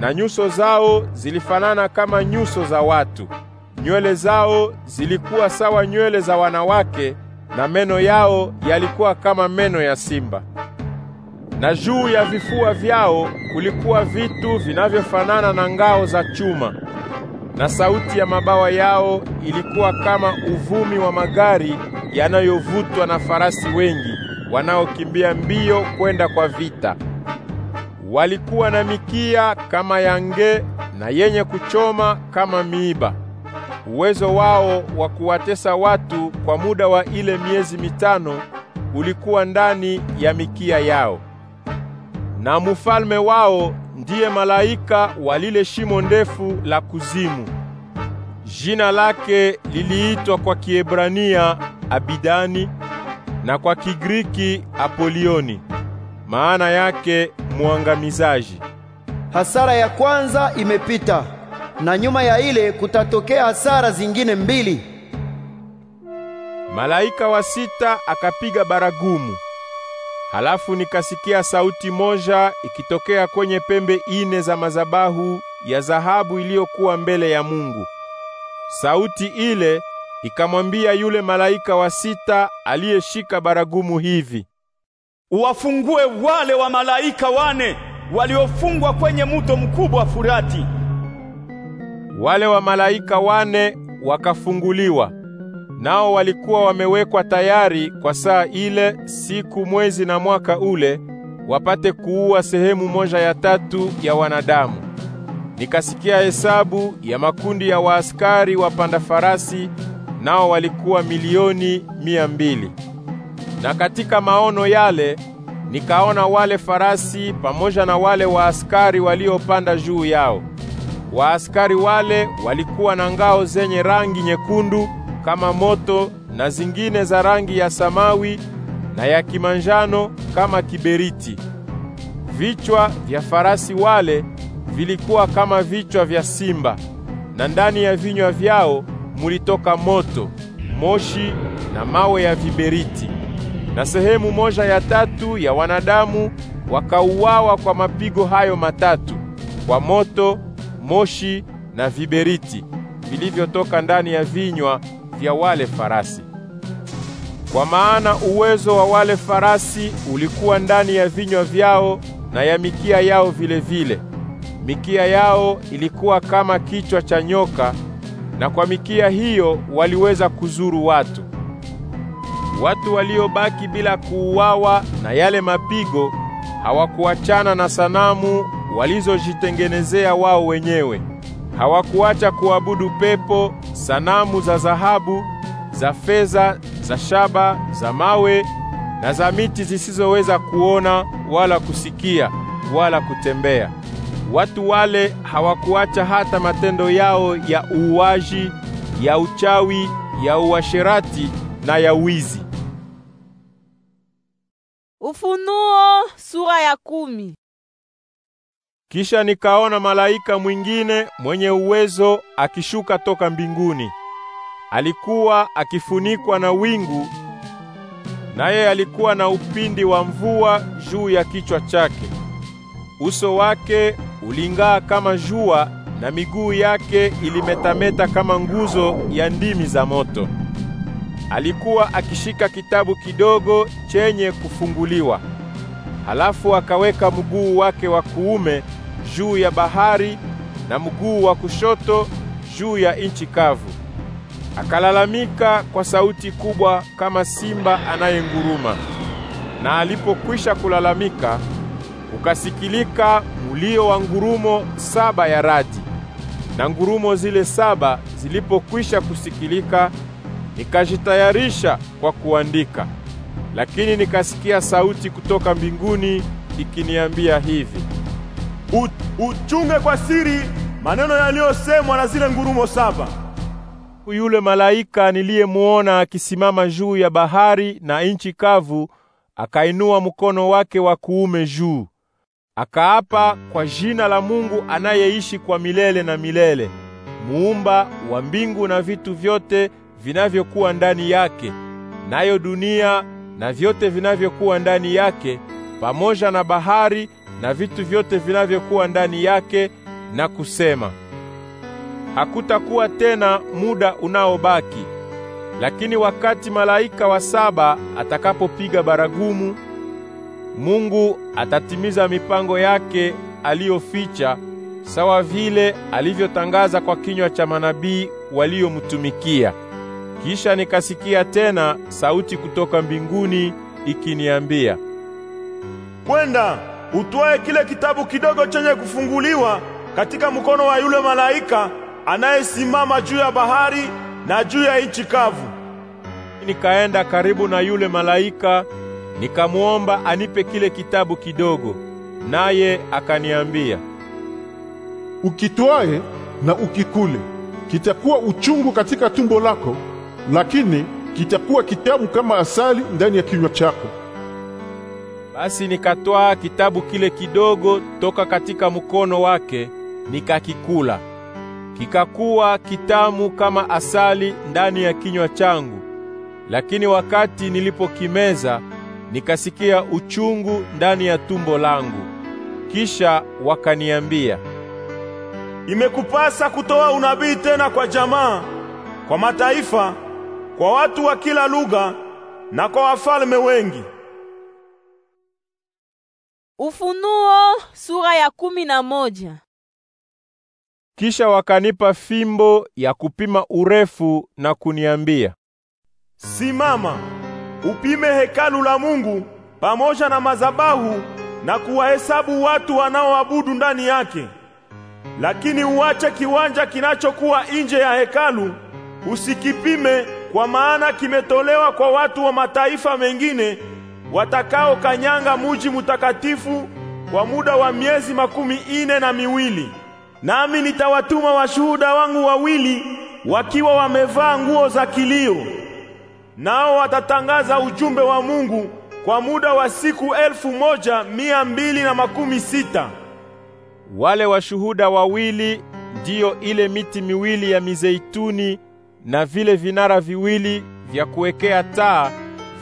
na nyuso zao zilifanana kama nyuso za watu. Nywele zao zilikuwa sawa nywele za wanawake, na meno yao yalikuwa kama meno ya simba na juu ya vifua vyao kulikuwa vitu vinavyofanana na ngao za chuma, na sauti ya mabawa yao ilikuwa kama uvumi wa magari yanayovutwa na farasi wengi wanaokimbia mbio kwenda kwa vita. Walikuwa na mikia kama ya nge na yenye kuchoma kama miiba. Uwezo wao wa kuwatesa watu kwa muda wa ile miezi mitano ulikuwa ndani ya mikia yao na mufalme wao ndiye malaika wa lile shimo ndefu la kuzimu. Jina lake liliitwa kwa Kiebrania Abidani na kwa Kigiriki Apolioni, maana yake mwangamizaji. Hasara ya kwanza imepita na nyuma ya ile kutatokea hasara zingine mbili. Malaika wa sita akapiga baragumu Halafu nikasikia sauti moja ikitokea kwenye pembe ine za mazabahu ya dhahabu iliyokuwa mbele ya Mungu. Sauti ile ikamwambia yule malaika wa sita aliyeshika baragumu hivi: Uwafungue wale wa malaika wane waliofungwa kwenye muto mkubwa Furati. Wale wa malaika wane wakafunguliwa nao walikuwa wamewekwa tayari kwa saa ile, siku, mwezi na mwaka ule, wapate kuua sehemu moja ya tatu ya wanadamu. Nikasikia hesabu ya makundi ya waaskari wapanda farasi, nao walikuwa milioni mia mbili. Na katika maono yale nikaona wale farasi pamoja na wale waaskari waliopanda juu yao. Waaskari wale walikuwa na ngao zenye rangi nyekundu kama moto na zingine za rangi ya samawi na ya kimanjano kama kiberiti. Vichwa vya farasi wale vilikuwa kama vichwa vya simba, na ndani ya vinywa vyao mulitoka moto, moshi na mawe ya viberiti. Na sehemu moja ya tatu ya wanadamu wakauawa kwa mapigo hayo matatu, kwa moto, moshi na viberiti vilivyotoka ndani ya vinywa vya wale farasi, kwa maana uwezo wa wale farasi ulikuwa ndani ya vinywa vyao na ya mikia yao vilevile vile. Mikia yao ilikuwa kama kichwa cha nyoka, na kwa mikia hiyo waliweza kuzuru watu. Watu waliobaki bila kuuawa na yale mapigo hawakuachana na sanamu walizojitengenezea wao wenyewe, Hawakuacha kuabudu pepo, sanamu za dhahabu, za fedha, za shaba, za mawe na za miti zisizoweza kuona wala kusikia wala kutembea. Watu wale hawakuacha hata matendo yao ya uuaji, ya uchawi, ya uasherati na ya wizi. Ufunuo sura ya kumi. Kisha nikaona malaika mwingine mwenye uwezo akishuka toka mbinguni. Alikuwa akifunikwa na wingu, naye alikuwa na upindi wa mvua juu ya kichwa chake. Uso wake uling'aa kama jua na miguu yake ilimetameta kama nguzo ya ndimi za moto. Alikuwa akishika kitabu kidogo chenye kufunguliwa. Halafu akaweka mguu wake wa kuume juu ya bahari na mguu wa kushoto juu ya nchi kavu. Akalalamika kwa sauti kubwa kama simba anayenguruma. Na alipokwisha kulalamika, ukasikilika mulio wa ngurumo saba ya radi. Na ngurumo zile saba zilipokwisha kusikilika, nikajitayarisha kwa kuandika, lakini nikasikia sauti kutoka mbinguni ikiniambia hivi: uchunge kwa siri maneno yaliyosemwa na zile ngurumo saba. Yule malaika niliyemuona akisimama juu ya bahari na inchi kavu akainua mkono wake wa kuume juu, akaapa kwa jina la Mungu anayeishi kwa milele na milele, muumba wa mbingu na vitu vyote vinavyokuwa ndani yake, nayo dunia na vyote vinavyokuwa ndani yake, pamoja na bahari na vitu vyote vinavyokuwa ndani yake na kusema, hakutakuwa tena muda unaobaki, lakini wakati malaika wa saba atakapopiga baragumu, Mungu atatimiza mipango yake aliyoficha, sawa vile alivyotangaza kwa kinywa cha manabii waliomtumikia. Kisha nikasikia tena sauti kutoka mbinguni ikiniambia, Kwenda utwae kile kitabu kidogo chenye kufunguliwa katika mkono wa yule malaika anayesimama juu ya bahari na juu ya nchi kavu. Nikaenda karibu na yule malaika nikamwomba anipe kile kitabu kidogo, naye akaniambia, ukitwae na ukikule kitakuwa uchungu katika tumbo lako, lakini kitakuwa kitamu kama asali ndani ya kinywa chako. Basi nikatwaa kitabu kile kidogo toka katika mkono wake nikakikula. Kikakuwa kitamu kama asali ndani ya kinywa changu, lakini wakati nilipokimeza nikasikia uchungu ndani ya tumbo langu. Kisha wakaniambia, imekupasa kutoa unabii tena kwa jamaa, kwa mataifa, kwa watu wa kila lugha na kwa wafalme wengi. Ufunuo sura ya kumi na moja. Kisha wakanipa fimbo ya kupima urefu na kuniambia, Simama, upime hekalu la Mungu pamoja na mazabahu na kuwahesabu watu wanaoabudu ndani yake. Lakini uache kiwanja kinachokuwa nje ya hekalu, usikipime kwa maana kimetolewa kwa watu wa mataifa mengine watakao kanyanga muji mutakatifu kwa muda wa miezi makumi ine na miwili. Nami nitawatuma washuhuda wangu wawili wakiwa wamevaa nguo za kilio, nao watatangaza ujumbe wa Mungu kwa muda wa siku elfu moja mia mbili na makumi sita. Wale washuhuda wawili ndiyo ile miti miwili ya mizeituni na vile vinara viwili vya kuwekea taa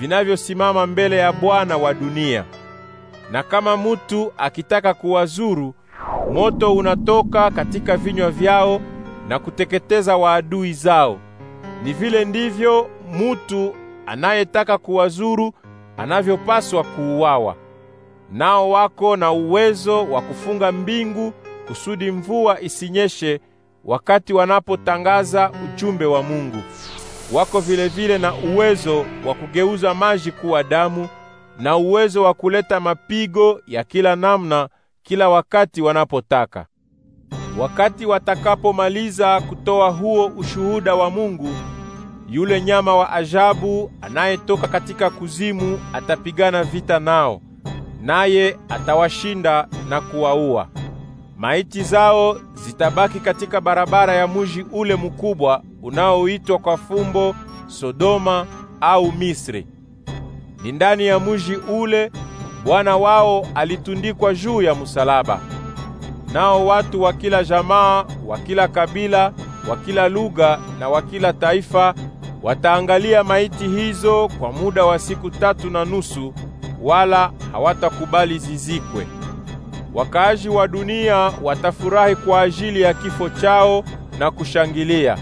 vinavyosimama mbele ya Bwana wa dunia. Na kama mutu akitaka kuwazuru, moto unatoka katika vinywa vyao na kuteketeza waadui zao. Ni vile ndivyo mutu anayetaka kuwazuru anavyopaswa kuuawa. Nao wako na uwezo wa kufunga mbingu kusudi mvua isinyeshe wakati wanapotangaza ujumbe wa Mungu wako vile vile na uwezo wa kugeuza maji kuwa damu na uwezo wa kuleta mapigo ya kila namna kila wakati wanapotaka. Wakati watakapomaliza kutoa huo ushuhuda wa Mungu, yule nyama wa ajabu anayetoka katika kuzimu atapigana vita nao, naye atawashinda na kuwaua maiti zao zitabaki katika barabara ya muji ule mkubwa unaoitwa kwa fumbo Sodoma au Misri. Ni ndani ya muji ule Bwana wao alitundikwa juu ya musalaba. Nao watu wa kila jamaa, wa kila kabila, wa kila lugha na wa kila taifa wataangalia maiti hizo kwa muda wa siku tatu na nusu, wala hawatakubali zizikwe. Wakaaji wa dunia watafurahi kwa ajili ya kifo chao na kushangilia.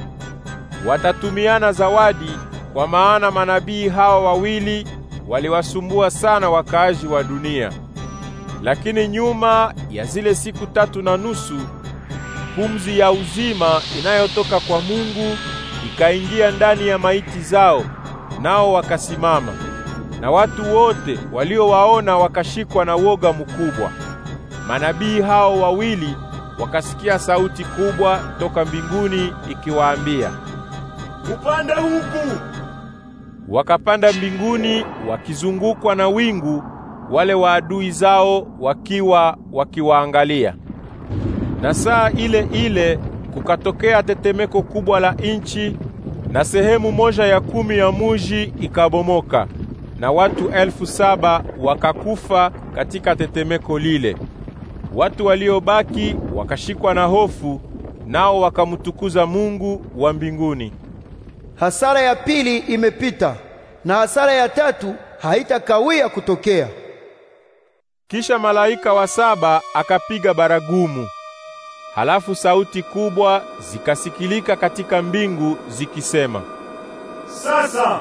Watatumiana zawadi, kwa maana manabii hawa wawili waliwasumbua sana wakaaji wa dunia. Lakini nyuma ya zile siku tatu na nusu, pumzi ya uzima inayotoka kwa Mungu ikaingia ndani ya maiti zao, nao wakasimama, na watu wote waliowaona wakashikwa na woga mkubwa. Manabii hao wawili wakasikia sauti kubwa toka mbinguni ikiwaambia, upande huku. Wakapanda mbinguni wakizungukwa na wingu, wale waadui zao wakiwa wakiwaangalia. Na saa ile ile kukatokea tetemeko kubwa la inchi, na sehemu moja ya kumi ya muji ikabomoka, na watu elfu saba wakakufa katika tetemeko lile. Watu waliobaki wakashikwa na hofu, nao wakamtukuza Mungu wa mbinguni. Hasara ya pili imepita na hasara ya tatu haitakawia kutokea. Kisha malaika wa saba akapiga baragumu. Halafu sauti kubwa zikasikilika katika mbingu zikisema, sasa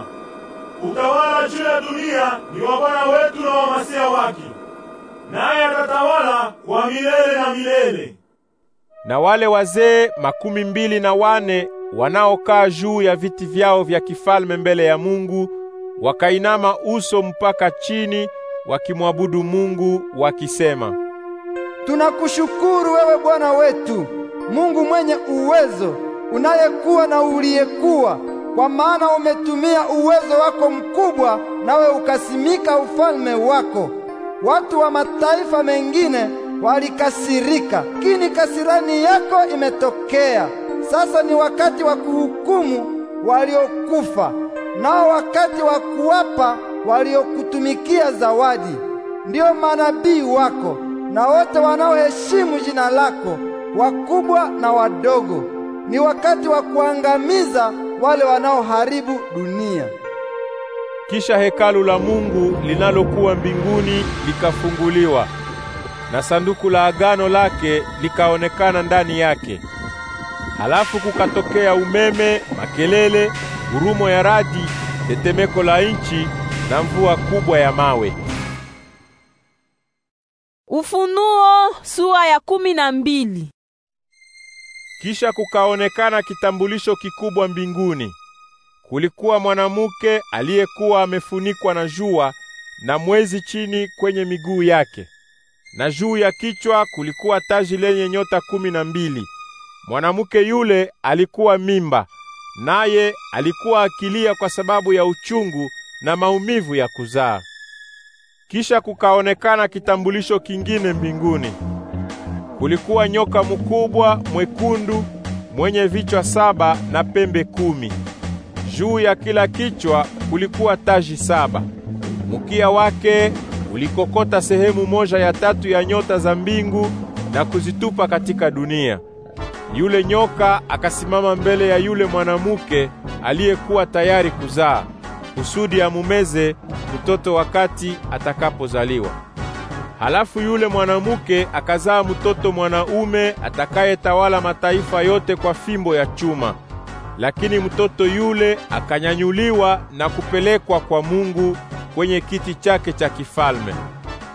utawala juu ya dunia ni wa Bwana wetu na wa wake naye atatawala kwa milele na milele. Na wale wazee makumi mbili na wane wanaokaa juu ya viti vyao vya kifalme mbele ya Mungu wakainama uso mpaka chini wakimwabudu Mungu wakisema, tunakushukuru wewe Bwana wetu Mungu mwenye uwezo, unayekuwa na uliyekuwa, kwa maana umetumia uwezo wako mkubwa, nawe ukasimika ufalme wako. Watu wa mataifa mengine walikasirika, lakini kasirani yako imetokea. Sasa ni wakati wa kuhukumu waliokufa, nao wakati wa kuwapa waliokutumikia zawadi. Ndiyo manabii wako na wote wanaoheshimu jina lako, wakubwa na wadogo. Ni wakati wa kuangamiza wale wanaoharibu dunia. Kisha hekalu la Mungu linalokuwa mbinguni likafunguliwa na sanduku la agano lake likaonekana ndani yake. Halafu kukatokea umeme, makelele, ngurumo ya radi, tetemeko la nchi na mvua kubwa ya mawe. Ufunuo sura ya kumi na mbili. Kisha kukaonekana kitambulisho kikubwa mbinguni kulikuwa mwanamke aliyekuwa amefunikwa na jua na mwezi chini kwenye miguu yake, na juu ya kichwa kulikuwa taji lenye nyota kumi na mbili. Mwanamke yule alikuwa mimba, naye alikuwa akilia kwa sababu ya uchungu na maumivu ya kuzaa. Kisha kukaonekana kitambulisho kingine mbinguni. Kulikuwa nyoka mkubwa mwekundu mwenye vichwa saba na pembe kumi. Juu ya kila kichwa kulikuwa taji saba. Mkia wake ulikokota sehemu moja ya tatu ya nyota za mbingu na kuzitupa katika dunia. Yule nyoka akasimama mbele ya yule mwanamuke aliyekuwa tayari kuzaa, kusudi amumeze mtoto wakati atakapozaliwa. Halafu yule mwanamuke akazaa mtoto mwanaume atakayetawala mataifa yote kwa fimbo ya chuma. Lakini mtoto yule akanyanyuliwa na kupelekwa kwa Mungu kwenye kiti chake cha kifalme.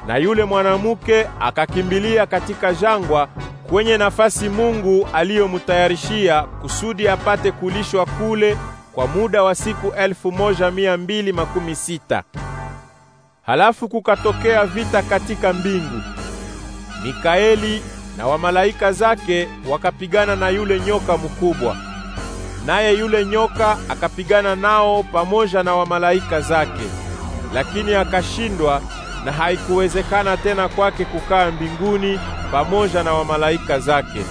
Na yule mwanamke akakimbilia katika jangwa kwenye nafasi Mungu aliyomutayarishia kusudi apate kulishwa kule kwa muda wa siku elfu moja mia mbili makumi sita. Halafu kukatokea vita katika mbingu. Mikaeli na wamalaika zake wakapigana na yule nyoka mkubwa naye yule nyoka akapigana nao pamoja na wamalaika zake, lakini akashindwa, na haikuwezekana tena kwake kukaa mbinguni pamoja na wamalaika zake.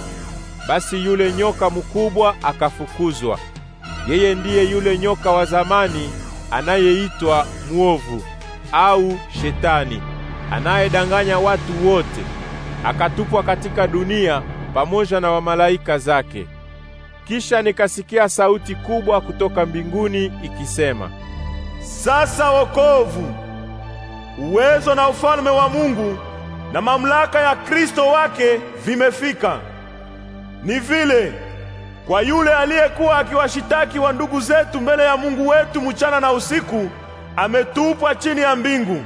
Basi yule nyoka mkubwa akafukuzwa. Yeye ndiye yule nyoka wa zamani anayeitwa mwovu au Shetani, anayedanganya watu wote. Akatupwa katika dunia pamoja na wamalaika zake. Kisha nikasikia sauti kubwa kutoka mbinguni ikisema, sasa wokovu, uwezo na ufalme wa Mungu na mamlaka ya Kristo wake vimefika. Ni vile kwa yule aliyekuwa akiwashitaki wa ndugu zetu mbele ya Mungu wetu mchana na usiku, ametupwa chini ya mbingu.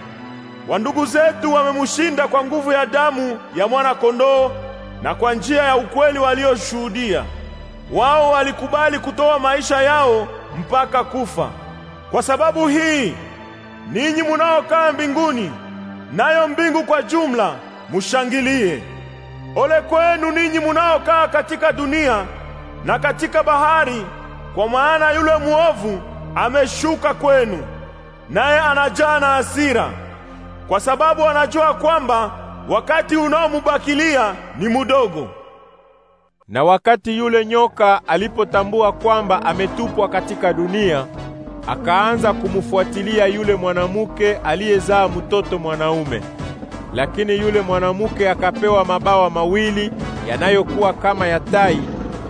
Wandugu zetu wamemushinda kwa nguvu ya damu ya mwana kondoo na kwa njia ya ukweli walioshuhudia. Wao walikubali kutoa maisha yao mpaka kufa. Kwa sababu hii ninyi munaokaa mbinguni, nayo mbingu kwa jumla mushangilie. Ole kwenu ninyi munaokaa katika dunia na katika bahari, kwa maana yule muovu ameshuka kwenu, naye anajaa na hasira, kwa sababu anajua kwamba wakati unaomubakilia ni mudogo. Na wakati yule nyoka alipotambua kwamba ametupwa katika dunia, akaanza kumfuatilia yule mwanamuke aliyezaa mtoto mwanaume. Lakini yule mwanamuke akapewa mabawa mawili yanayokuwa kama ya tai,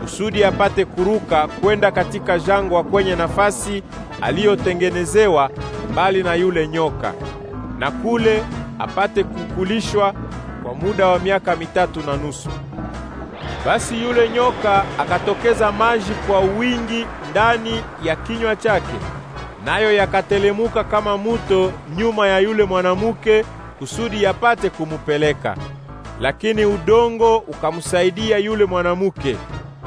kusudi apate kuruka kwenda katika jangwa kwenye nafasi aliyotengenezewa mbali na yule nyoka, na kule apate kukulishwa kwa muda wa miaka mitatu na nusu. Basi yule nyoka akatokeza maji kwa wingi ndani ya kinywa chake, nayo yakatelemuka kama muto nyuma ya yule mwanamuke kusudi yapate kumupeleka. Lakini udongo ukamsaidia yule mwanamuke,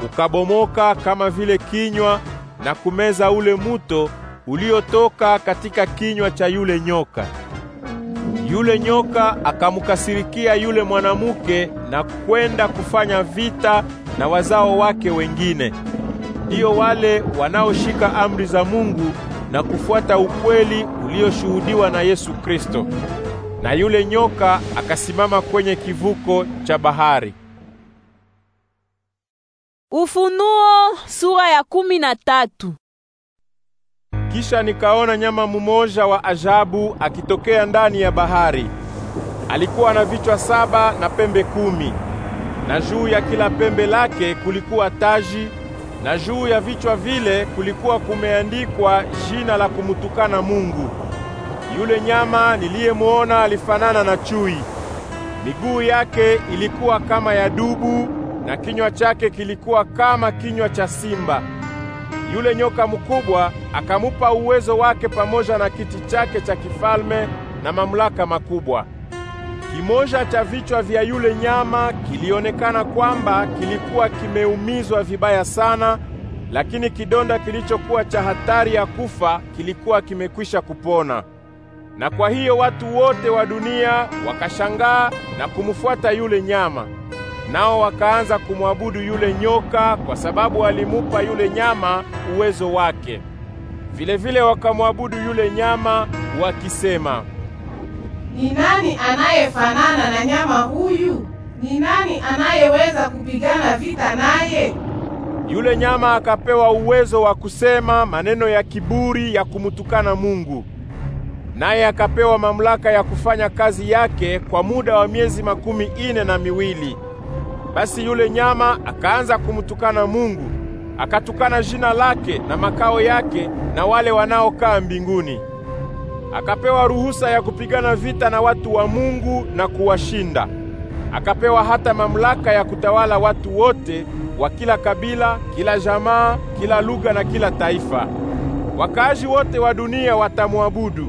ukabomoka kama vile kinywa na kumeza ule muto uliotoka katika kinywa cha yule nyoka. Yule nyoka akamkasirikia yule mwanamuke na kwenda kufanya vita na wazao wake wengine, ndiyo wale wanaoshika amri za Mungu na kufuata ukweli ulioshuhudiwa na Yesu Kristo. Na yule nyoka akasimama kwenye kivuko cha bahari. Ufunuo sura ya kumi na tatu. Kisha nikaona nyama mumoja wa ajabu akitokea ndani ya bahari. Alikuwa na vichwa saba na pembe kumi, na juu ya kila pembe lake kulikuwa taji, na juu ya vichwa vile kulikuwa kumeandikwa jina la kumutukana Mungu. Yule nyama niliyemuona alifanana na chui. Miguu yake ilikuwa kama ya dubu na kinywa chake kilikuwa kama kinywa cha simba. Yule nyoka mkubwa akamupa uwezo wake pamoja na kiti chake cha kifalme na mamlaka makubwa. Kimoja cha vichwa vya yule nyama kilionekana kwamba kilikuwa kimeumizwa vibaya sana, lakini kidonda kilichokuwa cha hatari ya kufa kilikuwa kimekwisha kupona. Na kwa hiyo watu wote wa dunia wakashangaa na kumfuata yule nyama. Nao wakaanza kumwabudu yule nyoka kwa sababu alimupa yule nyama uwezo wake. Vilevile wakamwabudu yule nyama wakisema, ni nani anayefanana na nyama huyu? Ni nani anayeweza kupigana vita naye? Yule nyama akapewa uwezo wa kusema maneno ya kiburi ya kumtukana Mungu, naye akapewa mamlaka ya kufanya kazi yake kwa muda wa miezi makumi ine na miwili. Basi yule nyama akaanza kumtukana Mungu, akatukana jina lake na makao yake na wale wanaokaa mbinguni. Akapewa ruhusa ya kupigana vita na watu wa Mungu na kuwashinda. Akapewa hata mamlaka ya kutawala watu wote wa kila kabila, kila jamaa, kila lugha na kila taifa. Wakaaji wote wa dunia watamwabudu,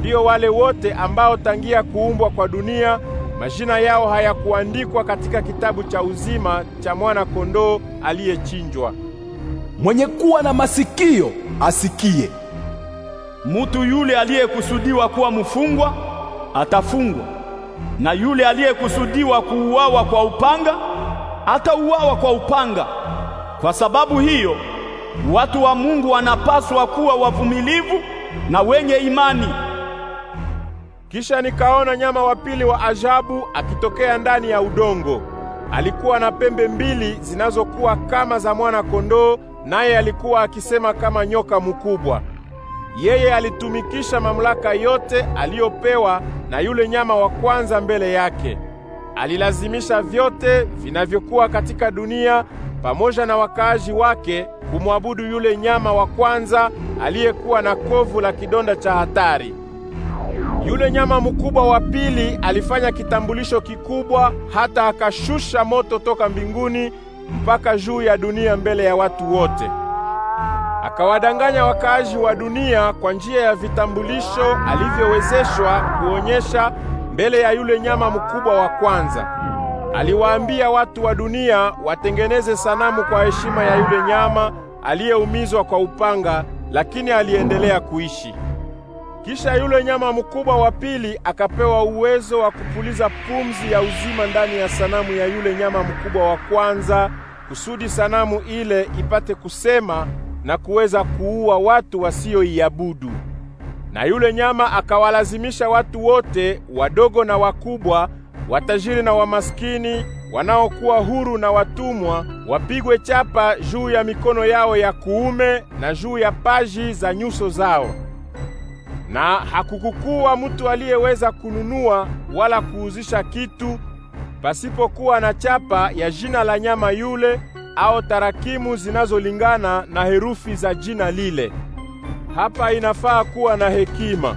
ndio wale wote ambao tangia kuumbwa kwa dunia Majina yao hayakuandikwa katika kitabu cha uzima cha mwana-kondoo aliyechinjwa. Mwenye kuwa na masikio asikie. Mutu yule aliyekusudiwa kuwa mfungwa atafungwa, na yule aliyekusudiwa kuuawa kwa upanga atauawa kwa upanga. Kwa sababu hiyo, watu wa Mungu wanapaswa kuwa wavumilivu na wenye imani. Kisha nikaona nyama wa pili wa ajabu akitokea ndani ya udongo. Alikuwa na pembe mbili zinazokuwa kama za mwana kondoo, naye alikuwa akisema kama nyoka mkubwa. Yeye alitumikisha mamlaka yote aliyopewa na yule nyama wa kwanza mbele yake. Alilazimisha vyote vinavyokuwa katika dunia pamoja na wakaaji wake kumwabudu yule nyama wa kwanza aliyekuwa na kovu la kidonda cha hatari. Yule nyama mkubwa wa pili alifanya kitambulisho kikubwa, hata akashusha moto toka mbinguni mpaka juu ya dunia mbele ya watu wote. Akawadanganya wakaaji wa dunia kwa njia ya vitambulisho alivyowezeshwa kuonyesha mbele ya yule nyama mkubwa wa kwanza. Aliwaambia watu wa dunia watengeneze sanamu kwa heshima ya yule nyama aliyeumizwa kwa upanga, lakini aliendelea kuishi. Kisha yule nyama mkubwa wa pili akapewa uwezo wa kupuliza pumzi ya uzima ndani ya sanamu ya yule nyama mkubwa wa kwanza, kusudi sanamu ile ipate kusema na kuweza kuua watu wasioiabudu. Na yule nyama akawalazimisha watu wote, wadogo na wakubwa, watajiri na wamaskini, wanaokuwa huru na watumwa, wapigwe chapa juu ya mikono yao ya kuume na juu ya paji za nyuso zao na hakukukuwa mtu aliyeweza kununua wala kuuzisha kitu pasipokuwa na chapa ya jina la nyama yule au tarakimu zinazolingana na herufi za jina lile. Hapa inafaa kuwa na hekima.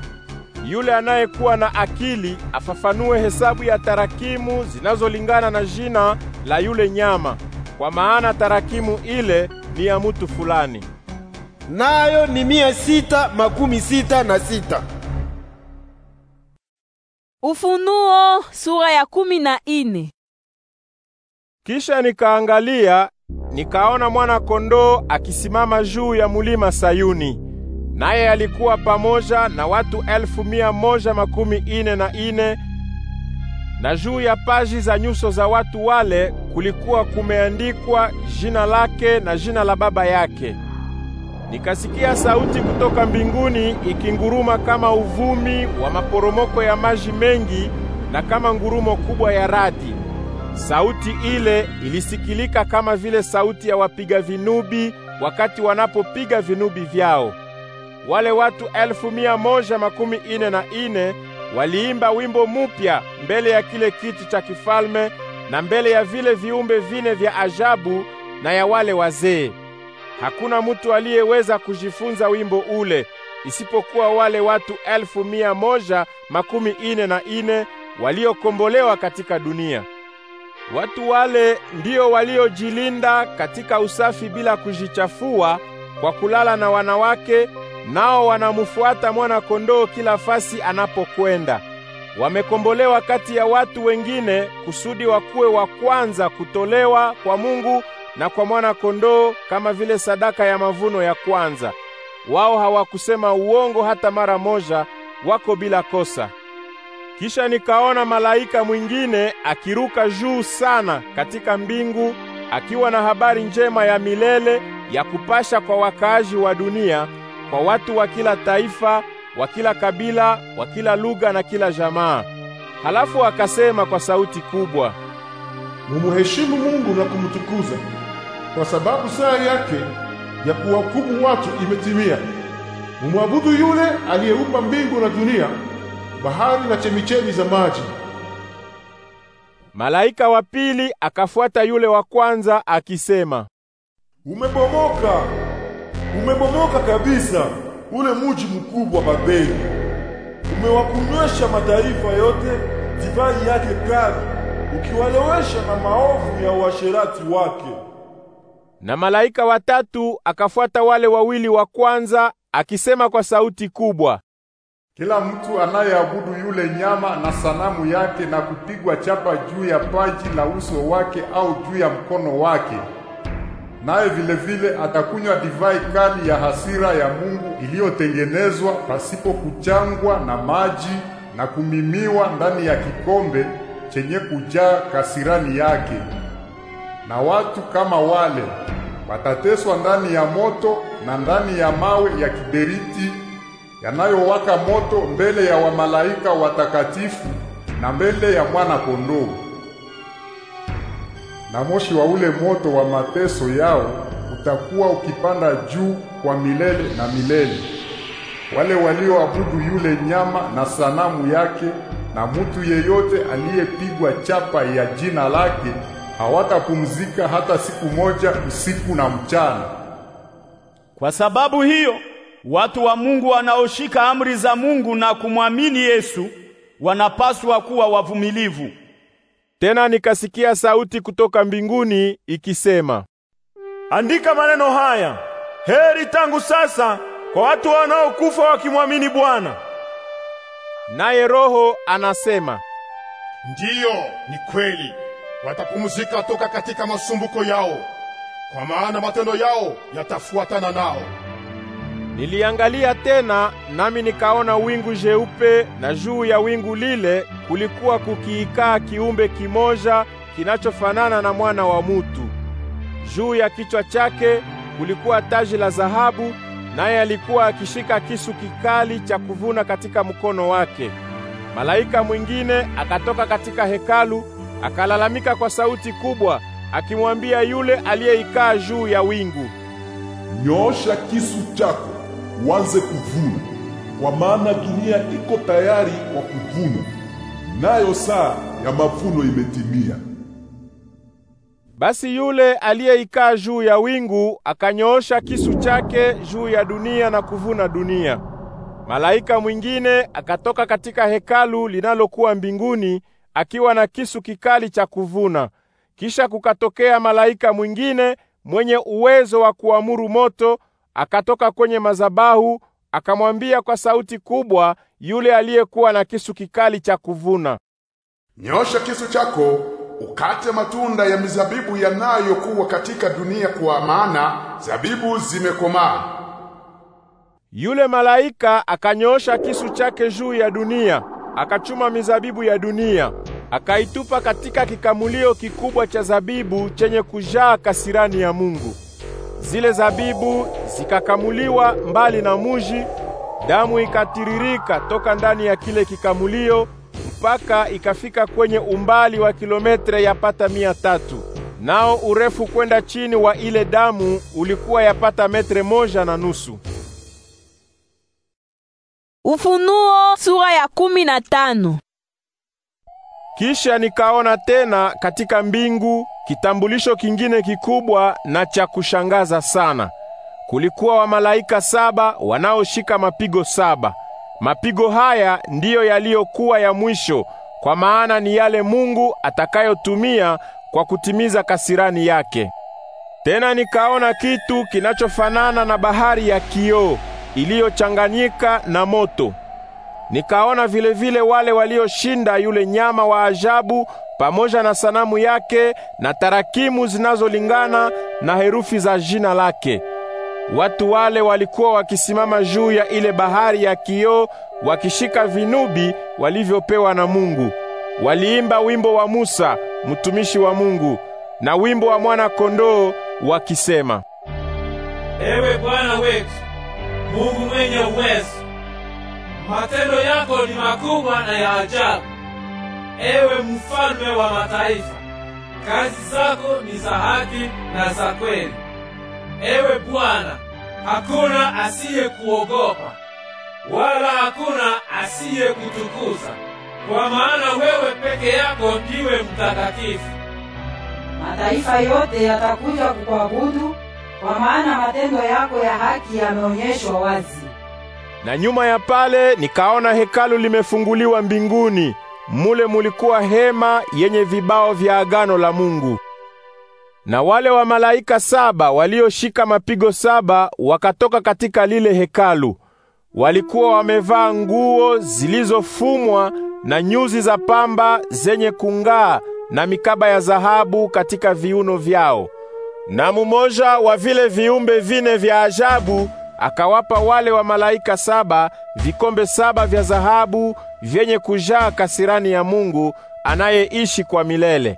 Yule anayekuwa na akili afafanue hesabu ya tarakimu zinazolingana na jina la yule nyama, kwa maana tarakimu ile ni ya mutu fulani nayo ni mia sita makumi sita na sita. Ufunuo sura ya kumi na ine. Kisha nikaangalia nikaona mwana kondoo akisimama juu ya mulima Sayuni, naye alikuwa pamoja na watu elfu mia moja makumi ine na ine, na juu ya paji za nyuso za watu wale kulikuwa kumeandikwa jina lake na jina la baba yake nikasikia sauti kutoka mbinguni ikinguruma kama uvumi wa maporomoko ya maji mengi na kama ngurumo kubwa ya radi. Sauti ile ilisikilika kama vile sauti ya wapiga vinubi wakati wanapopiga vinubi vyao. Wale watu elfu mia moja makumi ine na ine waliimba wimbo mupya mbele ya kile kiti cha kifalme na mbele ya vile viumbe vine vya ajabu na ya wale wazee. Hakuna mutu aliyeweza kujifunza wimbo ule isipokuwa wale watu elfu mia moja makumi ine na ine waliokombolewa katika dunia. Watu wale ndio waliojilinda katika usafi bila kujichafua kwa kulala na wanawake, nao wanamufuata mwana kondoo kila fasi anapokwenda. Wamekombolewa kati ya watu wengine kusudi wakuwe wa kwanza kutolewa kwa Mungu na kwa mwana-kondoo kama vile sadaka ya mavuno ya kwanza. Wao hawakusema uongo hata mara moja, wako bila kosa. Kisha nikaona malaika mwingine akiruka juu sana katika mbingu akiwa na habari njema ya milele ya kupasha kwa wakaaji wa dunia, kwa watu wa kila taifa, wa kila kabila, wa kila lugha na kila jamaa. Halafu akasema kwa sauti kubwa, mumuheshimu Mungu na kumtukuza kwa sababu saa yake ya kuwahukumu watu imetimia. Mumwabudu yule aliyeumba mbingu na dunia, bahari na chemichemi za maji. Malaika wa pili akafuata yule wa kwanza akisema, Umebomoka, umebomoka kabisa ule muji mkubwa Babeli. Umewakunywesha mataifa yote divai yake kali, ukiwalowesha na maovu ya uasherati wake. Na malaika watatu akafuata wale wawili wa kwanza akisema kwa sauti kubwa, kila mtu anayeabudu yule nyama na sanamu yake na kupigwa chapa juu ya paji la uso wake au juu ya mkono wake, naye vilevile atakunywa divai kali ya hasira ya Mungu iliyotengenezwa pasipo kuchangwa na maji na kumimiwa ndani ya kikombe chenye kujaa kasirani yake na watu kama wale watateswa ndani ya moto na ndani ya mawe ya kiberiti yanayowaka moto mbele ya wamalaika watakatifu na mbele ya mwana kondoo. Na moshi wa ule moto wa mateso yao utakuwa ukipanda juu kwa milele na milele. Wale walioabudu yule nyama na sanamu yake na mutu yeyote aliyepigwa chapa ya jina lake hawatapumzika hata siku moja usiku na mchana. Kwa sababu hiyo, watu wa Mungu wanaoshika amri za Mungu na kumwamini Yesu wanapaswa kuwa wavumilivu. Tena nikasikia sauti kutoka mbinguni ikisema, andika maneno haya, heri tangu sasa kwa watu wanaokufa wakimwamini Bwana. Naye Roho anasema, ndiyo, ni kweli watapumzika toka katika masumbuko yao, kwa maana matendo yao yatafuatana nao. Niliangalia tena nami nikaona wingu jeupe, na juu ya wingu lile kulikuwa kukiikaa kiumbe kimoja kinachofanana na mwana wa mutu. Juu ya kichwa chake kulikuwa taji la dhahabu, naye alikuwa akishika kisu kikali cha kuvuna katika mkono wake. Malaika mwingine akatoka katika hekalu akalalamika kwa sauti kubwa akimwambia yule aliyeikaa juu ya wingu, nyoosha kisu chako uanze kuvuna, kwa maana dunia iko tayari kwa kuvuna, nayo saa ya mavuno imetimia. Basi yule aliyeikaa juu ya wingu akanyoosha kisu chake juu ya dunia na kuvuna dunia. Malaika mwingine akatoka katika hekalu linalokuwa mbinguni akiwa na kisu kikali cha kuvuna. Kisha kukatokea malaika mwingine mwenye uwezo wa kuamuru moto, akatoka kwenye mazabahu, akamwambia kwa sauti kubwa yule aliyekuwa na kisu kikali cha kuvuna, nyosha kisu chako ukate matunda ya mizabibu yanayokuwa katika dunia, kwa maana zabibu zimekomaa. Yule malaika akanyoosha kisu chake juu ya dunia akachuma mizabibu ya dunia, akaitupa katika kikamulio kikubwa cha zabibu chenye kujaa kasirani ya Mungu. Zile zabibu zikakamuliwa mbali na muji, damu ikatiririka toka ndani ya kile kikamulio mpaka ikafika kwenye umbali wa kilometre yapata mia tatu nao urefu kwenda chini wa ile damu ulikuwa yapata metre moja na nusu. Ufunuo sura ya kumi na tano. Kisha nikaona tena katika mbingu kitambulisho kingine kikubwa na cha kushangaza sana. Kulikuwa wamalaika saba wanaoshika mapigo saba. Mapigo haya ndiyo yaliyokuwa ya mwisho, kwa maana ni yale Mungu atakayotumia kwa kutimiza kasirani yake. Tena nikaona kitu kinachofanana na bahari ya kioo iliyochanganyika na moto. Nikaona vile vile wale walioshinda yule nyama wa ajabu pamoja na sanamu yake na tarakimu zinazolingana na herufi za jina lake. Watu wale walikuwa wakisimama juu ya ile bahari ya kioo wakishika vinubi walivyopewa na Mungu. Waliimba wimbo wa Musa mtumishi wa Mungu na wimbo wa mwana kondoo wakisema, Ewe Bwana wetu Mungu mwenye uwezo. Matendo yako ni makubwa na ya ajabu, ewe mfalme wa mataifa. Kazi zako ni za haki na za kweli. Ewe Bwana, hakuna asiyekuogopa wala hakuna asiyekutukuza, kwa maana wewe peke yako ndiwe mtakatifu. Mataifa yote yatakuja kukuabudu kwa maana matendo yako ya haki yameonyeshwa wazi. Na nyuma ya pale nikaona hekalu limefunguliwa mbinguni. Mule mulikuwa hema yenye vibao vya agano la Mungu. Na wale wa malaika saba walioshika mapigo saba wakatoka katika lile hekalu. Walikuwa wamevaa nguo zilizofumwa na nyuzi za pamba zenye kung'aa na mikaba ya dhahabu katika viuno vyao. Na mumoja wa vile viumbe vine vya ajabu akawapa wale wa malaika saba vikombe saba vya dhahabu vyenye kujaa kasirani ya Mungu anayeishi kwa milele.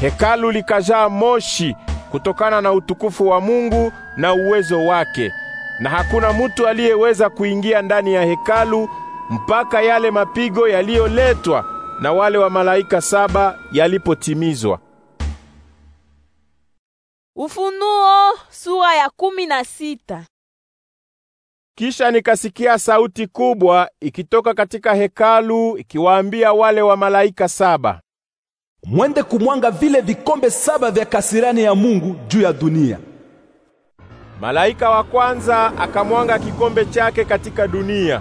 Hekalu likajaa moshi kutokana na utukufu wa Mungu na uwezo wake, na hakuna mutu aliyeweza kuingia ndani ya hekalu mpaka yale mapigo yaliyoletwa na wale wa malaika saba yalipotimizwa. Ufunuo sura ya kumi na sita. Kisha nikasikia sauti kubwa ikitoka katika hekalu ikiwaambia wale wa malaika saba, mwende kumwanga vile vikombe saba vya kasirani ya Mungu juu ya dunia. Malaika wa kwanza akamwanga kikombe chake katika dunia,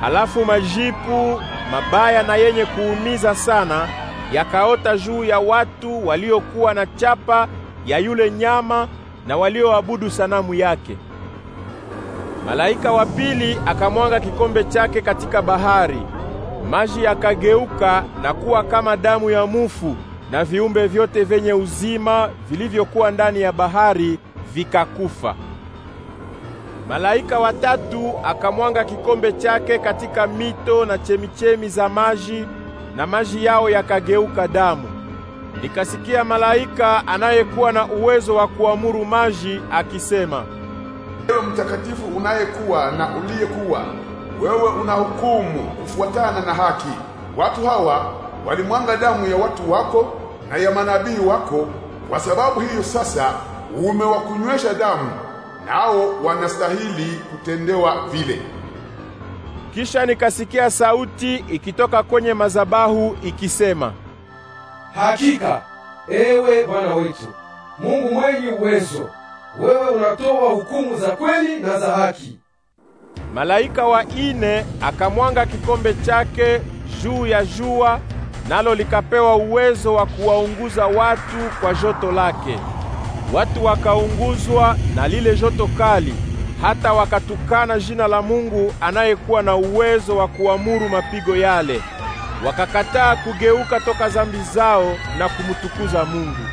halafu majipu mabaya na yenye kuumiza sana yakaota juu ya watu waliokuwa na chapa ya yule nyama na walioabudu sanamu yake. Malaika wa pili akamwanga kikombe chake katika bahari, maji yakageuka na kuwa kama damu ya mufu, na viumbe vyote vyenye uzima vilivyokuwa ndani ya bahari vikakufa. Malaika watatu akamwanga kikombe chake katika mito na chemichemi za maji, na maji yao yakageuka damu nikasikia malaika anayekuwa na uwezo wa kuamuru maji akisema, Ewe mtakatifu unayekuwa na uliyekuwa, wewe unahukumu kufuatana na haki. Watu hawa walimwanga damu ya watu wako na ya manabii wako, kwa sababu hiyo sasa umewakunywesha damu, nao wanastahili kutendewa vile. Kisha nikasikia sauti ikitoka kwenye mazabahu ikisema Hakika ewe Bwana wetu Mungu mwenye uwezo, wewe unatoa hukumu za kweli na za haki. Malaika wa ine akamwanga kikombe chake juu ya jua, nalo likapewa uwezo wa kuwaunguza watu kwa joto lake. Watu wakaunguzwa na lile joto kali, hata wakatukana jina la Mungu anayekuwa na uwezo wa kuamuru mapigo yale wakakataa kugeuka toka zambi zao na kumutukuza Mungu.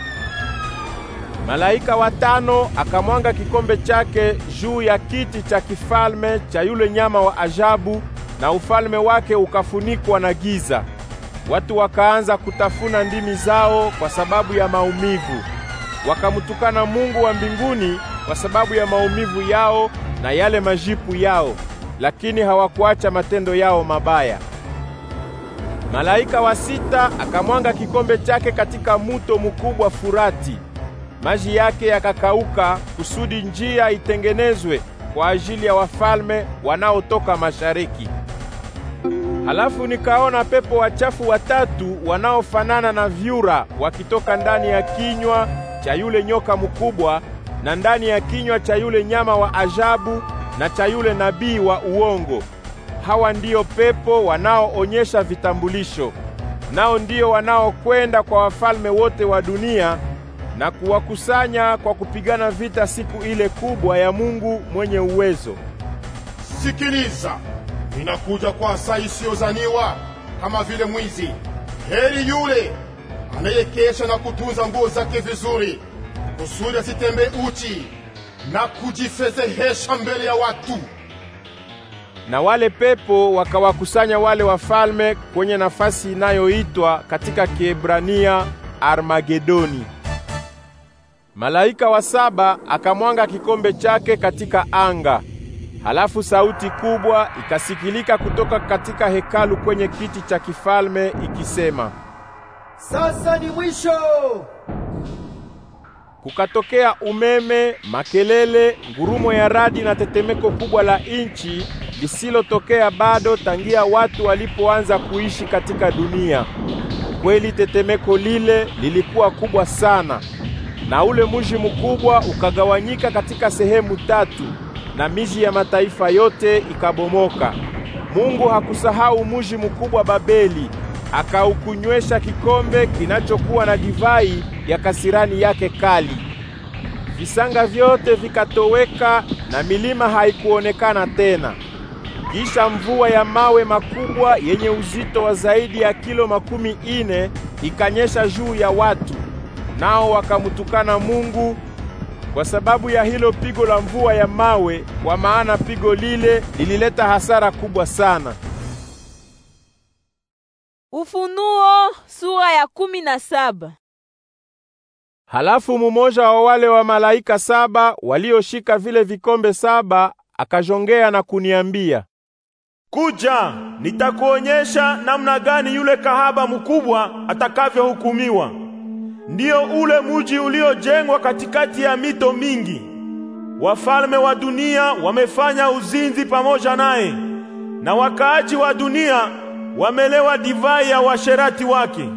Malaika watano akamwanga kikombe chake juu ya kiti cha kifalme cha yule nyama wa ajabu, na ufalme wake ukafunikwa na giza. Watu wakaanza kutafuna ndimi zao kwa sababu ya maumivu, wakamutukana Mungu wa mbinguni kwa sababu ya maumivu yao na yale majipu yao, lakini hawakuacha matendo yao mabaya. Malaika wa sita akamwanga kikombe chake katika muto mkubwa Furati. Maji yake yakakauka kusudi njia itengenezwe kwa ajili ya wafalme wanaotoka mashariki. Halafu nikaona pepo wachafu watatu wanaofanana na vyura wakitoka ndani ya kinywa cha yule nyoka mkubwa na ndani ya kinywa cha yule nyama wa ajabu na cha yule nabii wa uongo hawa ndio pepo wanaoonyesha vitambulisho, nao ndio wanaokwenda kwa wafalme wote wa dunia na kuwakusanya kwa kupigana vita siku ile kubwa ya Mungu mwenye uwezo. Sikiliza, ninakuja kwa saa isiyozaniwa kama vile mwizi. Heri yule anayekesha na kutunza nguo zake vizuri, kusudi asitembee uchi na kujifedhehesha mbele ya watu na wale pepo wakawakusanya wale wafalme kwenye nafasi inayoitwa katika Kiebrania Armagedoni. Malaika wa saba akamwanga kikombe chake katika anga. Halafu sauti kubwa ikasikilika kutoka katika hekalu kwenye kiti cha kifalme ikisema, sasa ni mwisho. Kukatokea umeme, makelele, ngurumo ya radi na tetemeko kubwa la inchi lisilotokea bado tangia watu walipoanza kuishi katika dunia. Kweli tetemeko lile lilikuwa kubwa sana, na ule mji mkubwa ukagawanyika katika sehemu tatu, na miji ya mataifa yote ikabomoka. Mungu hakusahau mji mkubwa Babeli, akaukunywesha kikombe kinachokuwa na divai ya kasirani yake kali. Visanga vyote vikatoweka na milima haikuonekana tena. Kisha mvua ya mawe makubwa yenye uzito wa zaidi ya kilo makumi ine ikanyesha juu ya watu, nao wakamutukana Mungu kwa sababu ya hilo pigo la mvua ya mawe, kwa maana pigo lile lilileta hasara kubwa sana. Ufunuo sura ya kumi na saba. Halafu mumoja wa wale wa malaika saba walioshika vile vikombe saba akajongea na kuniambia, kuja, nitakuonyesha namna gani yule kahaba mkubwa atakavyohukumiwa. Ndiyo ule muji uliojengwa katikati ya mito mingi. Wafalme wa dunia wamefanya uzinzi pamoja naye, na wakaaji wa dunia wamelewa divai ya washerati wake.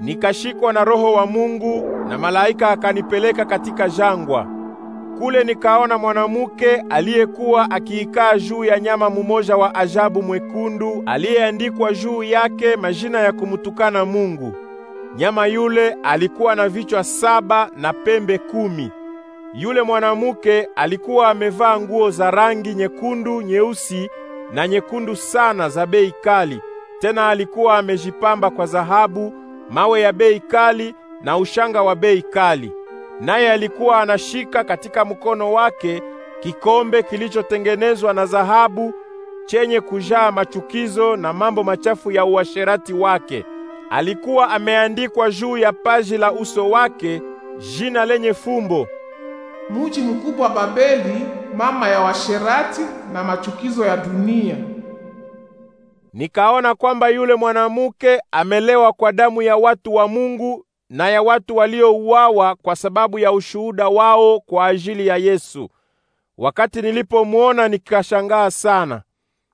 Nikashikwa na roho wa Mungu na malaika akanipeleka katika jangwa kule nikaona mwanamke aliyekuwa akiikaa juu ya nyama mumoja wa ajabu mwekundu aliyeandikwa juu yake majina ya kumtukana Mungu. Nyama yule alikuwa na vichwa saba na pembe kumi. Yule mwanamke alikuwa amevaa nguo za rangi nyekundu, nyeusi na nyekundu sana za bei kali. Tena alikuwa amejipamba kwa dhahabu, mawe ya bei kali na ushanga wa bei kali naye alikuwa anashika katika mkono wake kikombe kilichotengenezwa na dhahabu chenye kujaa machukizo na mambo machafu ya uasherati wake. Alikuwa ameandikwa juu ya paji la uso wake jina lenye fumbo, muji mkubwa Babeli, mama ya washerati na machukizo ya dunia. Nikaona kwamba yule mwanamuke amelewa kwa damu ya watu wa Mungu na ya watu waliouawa kwa sababu ya ushuhuda wao kwa ajili ya Yesu. Wakati nilipomwona nikashangaa sana.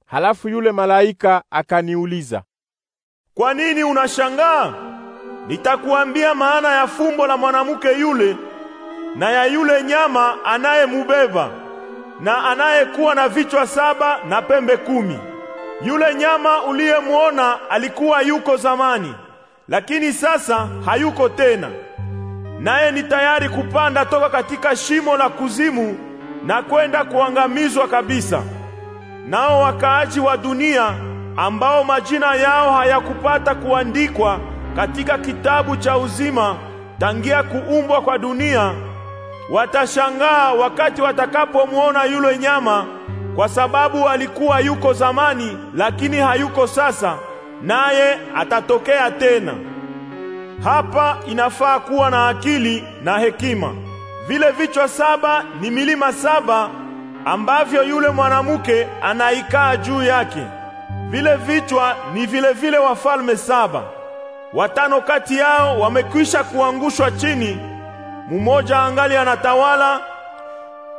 Halafu yule malaika akaniuliza, kwa nini unashangaa? Nitakuambia maana ya fumbo la mwanamke yule na ya yule nyama anayemubeba na anayekuwa na vichwa saba na pembe kumi. Yule nyama uliyemwona alikuwa yuko zamani lakini sasa hayuko tena, naye ni tayari kupanda toka katika shimo la kuzimu na kwenda kuangamizwa kabisa. Nao wakaaji wa dunia ambao majina yao hayakupata kuandikwa katika kitabu cha uzima tangia kuumbwa kwa dunia watashangaa wakati watakapomwona yule nyama, kwa sababu alikuwa yuko zamani, lakini hayuko sasa naye atatokea tena. Hapa inafaa kuwa na akili na hekima. Vile vichwa saba ni milima saba ambavyo yule mwanamke anaikaa juu yake. Vile vichwa ni vile vile wafalme saba. Watano kati yao wamekwisha kuangushwa chini, mumoja angali anatawala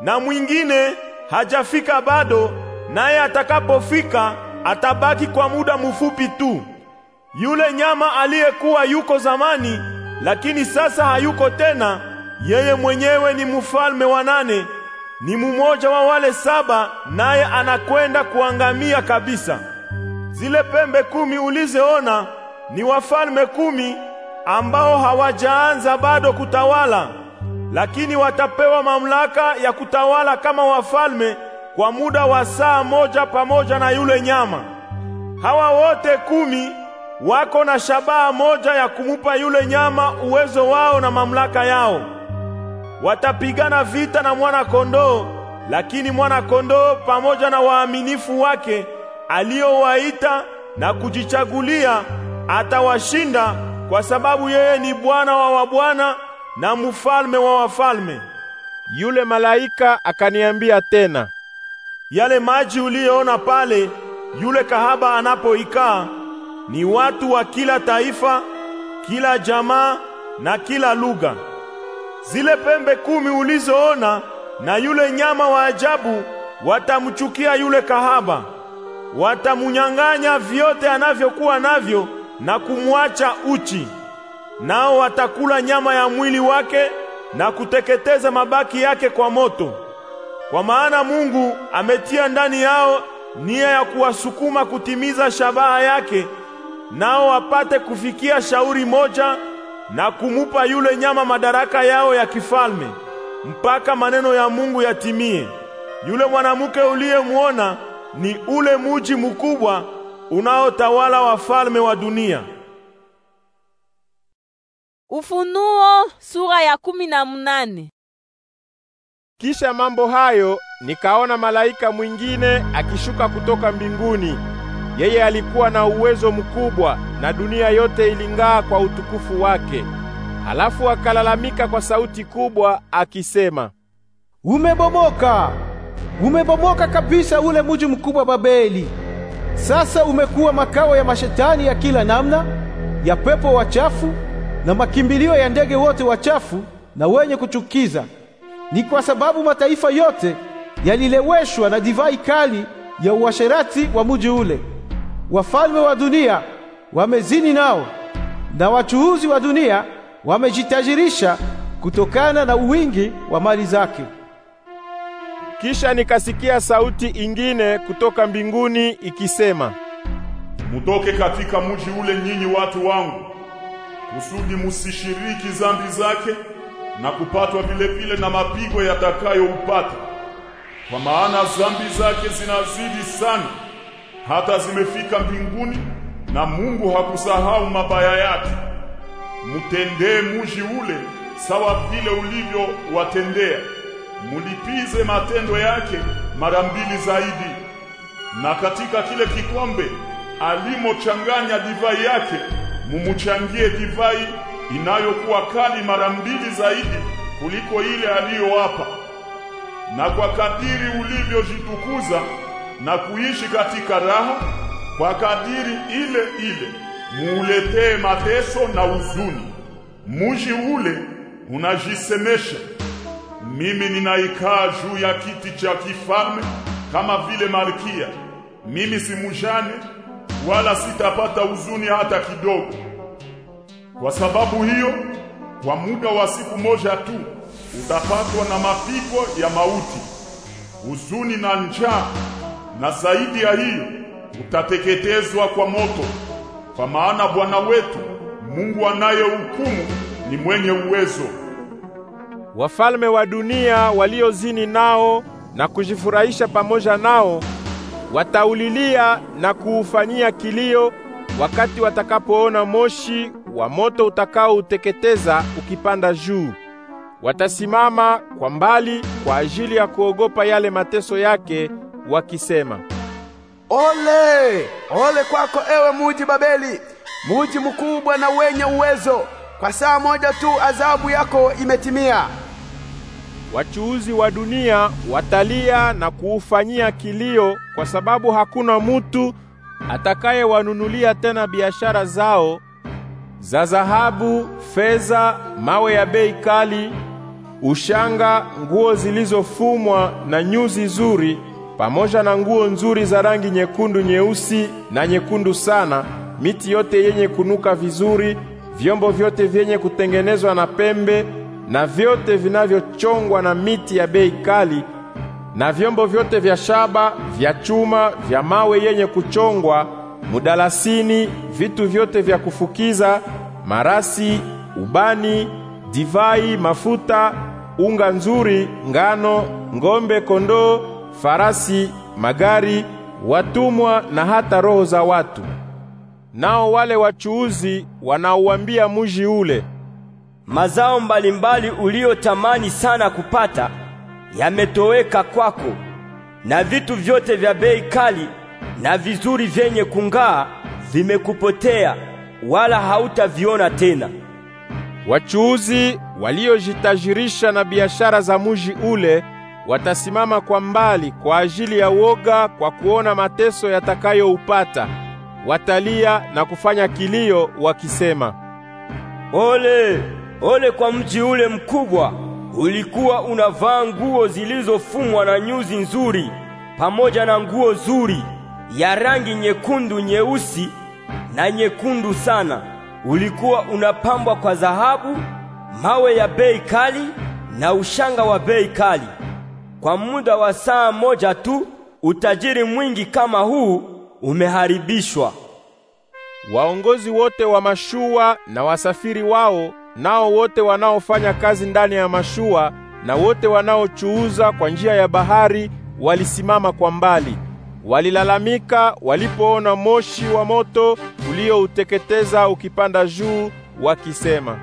na mwingine hajafika bado, naye atakapofika atabaki kwa muda mfupi tu. Yule nyama aliyekuwa yuko zamani, lakini sasa hayuko tena, yeye mwenyewe ni mfalme wa nane, ni mumoja wa wale saba, naye anakwenda kuangamia kabisa. Zile pembe kumi ulizeona ni wafalme kumi ambao hawajaanza bado kutawala, lakini watapewa mamlaka ya kutawala kama wafalme kwa muda wa saa moja pamoja na yule nyama. Hawa wote kumi wako na shabaha moja ya kumupa yule nyama uwezo wao na mamlaka yao. Watapigana vita na mwana-kondoo, lakini mwana-kondoo pamoja na waaminifu wake aliyowaita na kujichagulia atawashinda, kwa sababu yeye ni Bwana wa wabwana na mfalme wa wafalme. Yule malaika akaniambia tena, yale maji uliyoona pale yule kahaba anapoikaa ni watu wa kila taifa, kila jamaa na kila lugha. Zile pembe kumi ulizoona na yule nyama wa ajabu watamchukia yule kahaba, watamunyang'anya vyote anavyokuwa navyo na kumwacha uchi. Nao watakula nyama ya mwili wake na kuteketeza mabaki yake kwa moto. Kwa maana Mungu ametia ndani yao nia ya kuwasukuma kutimiza shabaha yake, nao wapate kufikia shauri moja na kumupa yule nyama madaraka yao ya kifalme mpaka maneno ya Mungu yatimie. Yule mwanamke uliyemwona ni ule muji mkubwa unaotawala wafalme wa dunia. Ufunuo sura ya kumi na munane. Kisha mambo hayo nikaona malaika mwingine akishuka kutoka mbinguni. Yeye alikuwa na uwezo mkubwa na dunia yote iling'aa kwa utukufu wake. Halafu akalalamika kwa sauti kubwa akisema, Umebomoka! Umebomoka kabisa ule mji mkubwa Babeli. Sasa umekuwa makao ya mashetani ya kila namna, ya pepo wachafu na makimbilio ya ndege wote wachafu na wenye kuchukiza ni kwa sababu mataifa yote yalileweshwa na divai kali ya uasherati wa muji ule. Wafalme wa dunia wamezini nao na wachuuzi wa dunia wamejitajirisha kutokana na uwingi wa mali zake. Kisha nikasikia sauti ingine kutoka mbinguni ikisema, mutoke katika muji ule nyinyi watu wangu, kusudi musishiriki zambi zake na kupatwa vile vile na mapigo yatakayoupata kwa maana zambi zake zinazidi sana hata zimefika mbinguni na Mungu hakusahau mabaya yake mtendee muji ule sawa vile ulivyowatendea mulipize matendo yake mara mbili zaidi na katika kile kikombe alimochanganya divai yake mumuchangie divai inayokuwa kali mara mbili zaidi kuliko ile aliyowapa na kwa kadiri ulivyojitukuza na kuishi katika raha kwa kadiri ile ile muuletee mateso na uzuni muji ule unajisemesha mimi ninaikaa juu ya kiti cha kifalme kama vile malkia mimi si wala sitapata uzuni hata kidogo kwa sababu hiyo kwa muda wa siku moja tu utapatwa na mapigo ya mauti, huzuni na njaa, na zaidi ya hiyo utateketezwa kwa moto, kwa maana Bwana wetu Mungu anayehukumu ni mwenye uwezo. Wafalme wa dunia waliozini nao na kujifurahisha pamoja nao wataulilia na kuufanyia kilio wakati watakapoona moshi wa moto utakaouteketeza ukipanda juu. Watasimama kwa mbali kwa ajili ya kuogopa yale mateso yake, wakisema, ole ole kwako ewe muji Babeli, muji mkubwa na wenye uwezo! Kwa saa moja tu adhabu yako imetimia. Wachuuzi wa dunia watalia na kuufanyia kilio, kwa sababu hakuna mutu atakayewanunulia tena biashara zao za dhahabu, fedha, mawe ya bei kali, ushanga, nguo zilizofumwa na nyuzi nzuri pamoja na nguo nzuri za rangi nyekundu, nyeusi na nyekundu sana, miti yote yenye kunuka vizuri, vyombo vyote vyenye kutengenezwa na pembe na vyote vinavyochongwa na miti ya bei kali na vyombo vyote vya shaba, vya chuma, vya mawe yenye kuchongwa mudalasini, vitu vyote vya kufukiza, marasi, ubani, divai, mafuta, unga nzuri, ngano, ngombe, kondoo, farasi, magari, watumwa na hata roho za watu. Nao wale wachuuzi wanauambia muji ule, mazao mbalimbali uliyotamani sana kupata yametoweka kwako, na vitu vyote vya bei kali na vizuri vyenye kung'aa vimekupotea, wala hautaviona tena. Wachuuzi waliojitajirisha na biashara za muji ule watasimama kwa mbali kwa ajili ya woga, kwa kuona mateso yatakayoupata. Watalia na kufanya kilio wakisema, ole ole kwa mji ule mkubwa! Ulikuwa unavaa nguo zilizofumwa na nyuzi nzuri pamoja na nguo zuri ya rangi nyekundu, nyeusi na nyekundu sana. Ulikuwa unapambwa kwa dhahabu, mawe ya bei kali na ushanga wa bei kali. Kwa muda wa saa moja tu, utajiri mwingi kama huu umeharibishwa. Waongozi wote wa mashua na wasafiri wao, nao wote wanaofanya kazi ndani ya mashua na wote wanaochuuza kwa njia ya bahari walisimama kwa mbali Walilalamika walipoona moshi wa moto uliouteketeza ukipanda juu, wakisema,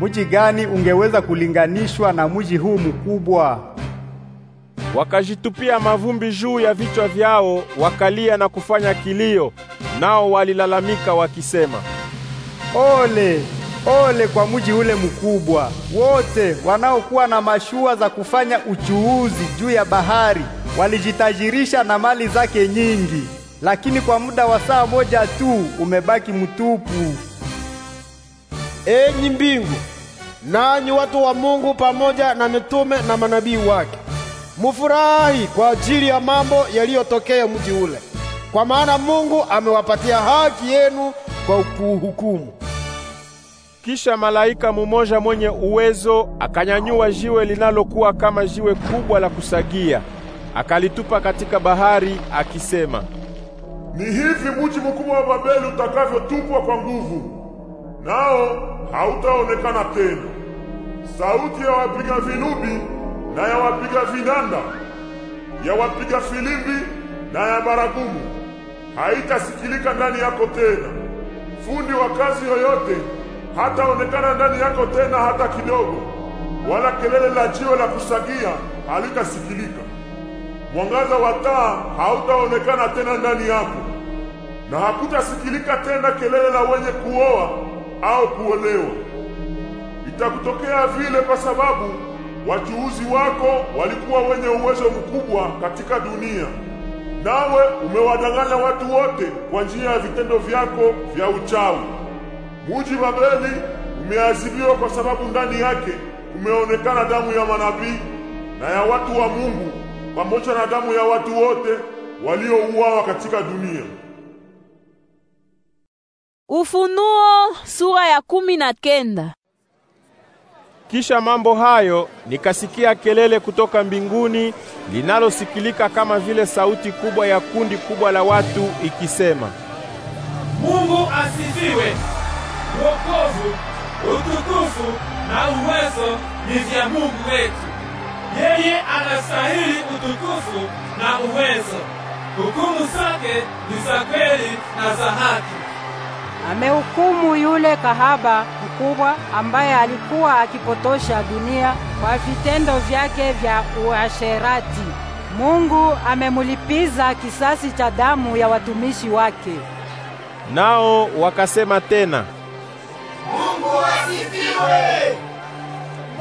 mji gani ungeweza kulinganishwa na mji huu mkubwa? Wakajitupia mavumbi juu ya vichwa vyao, wakalia na kufanya kilio, nao walilalamika wakisema, ole ole kwa mji ule mkubwa! Wote wanaokuwa na mashua za kufanya uchuuzi juu ya bahari walijitajirisha na mali zake nyingi, lakini kwa muda wa saa moja tu umebaki mtupu. Enyi mbingu, nanyi watu wa Mungu pamoja na mitume na manabii wake, mufurahi kwa ajili ya mambo yaliyotokea mji ule, kwa maana Mungu amewapatia haki yenu kwa kuhukumu. Kisha malaika mumoja mwenye uwezo akanyanyua jiwe linalokuwa kama jiwe kubwa la kusagia akalitupa katika bahari akisema, ni hivi muji mkubwa wa Babeli utakavyotupwa kwa nguvu, nao hautaonekana tena. Sauti ya wapiga vinubi na ya wapiga vinanda, ya wapiga filimbi na ya baragumu haitasikilika ndani yako tena. Fundi wa kazi yoyote hataonekana ndani yako tena hata kidogo, wala kelele la jiwe la kusagia halitasikilika mwangaza wa taa hautaonekana tena ndani yako, na hakutasikilika tena kelele la wenye kuoa au kuolewa. Itakutokea vile kwa sababu wachuuzi wako walikuwa wenye uwezo mkubwa katika dunia, nawe umewadanganya watu wote kwa njia ya vitendo vyako vya uchawi. Muji Babeli umeazibiwa kwa sababu ndani yake umeonekana damu ya manabii na ya watu wa Mungu pamoja na damu ya watu wote waliouawa katika dunia. Ufunuo sura ya kumi na kenda. Kisha mambo hayo nikasikia kelele kutoka mbinguni linalosikilika kama vile sauti kubwa ya kundi kubwa la watu ikisema, Mungu asifiwe! Wokovu, utukufu na uwezo ni vya Mungu wetu yeye anastahili utukufu na uwezo. Hukumu zake ni za kweli na za haki. Amehukumu yule kahaba mkubwa ambaye alikuwa akipotosha dunia kwa vitendo vyake vya uasherati. Mungu amemulipiza kisasi cha damu ya watumishi wake. Nao wakasema tena, Mungu asifiwe!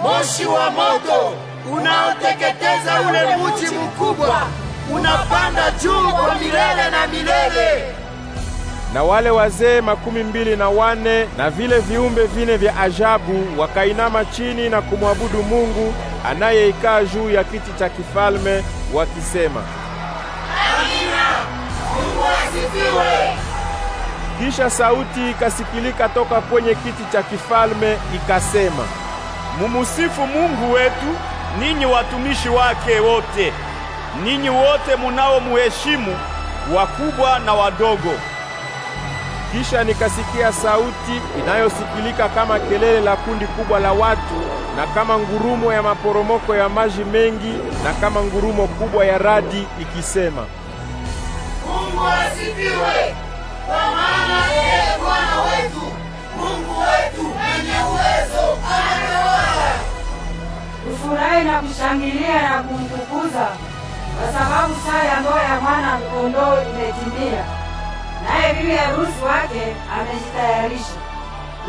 Moshi wa moto unaoteketeza ule mji mkubwa unapanda juu kwa milele na milele. Na wale wazee makumi mbili na wane na vile viumbe vine vya ajabu wakainama chini na kumwabudu Mungu anayeikaa juu ya kiti cha kifalme wakisema, Amina, Mungu asifiwe. Kisha sauti ikasikilika toka kwenye kiti cha kifalme ikasema, mumusifu Mungu wetu ninyi watumishi wake wote, ninyi wote munaomuheshimu, wakubwa na wadogo. Kisha nikasikia sauti inayosikilika kama kelele la kundi kubwa la watu na kama ngurumo ya maporomoko ya maji mengi na kama ngurumo kubwa ya radi ikisema, Mungu asifiwe, kwa maana yeye Bwana wetu Mungu wetu mwenye uwezo ameoa kufurahi na kushangilia na kumtukuza, kwa sababu saa ya ndoa ya mwana kondoo imetimia, naye bibi harusi wake amejitayarisha.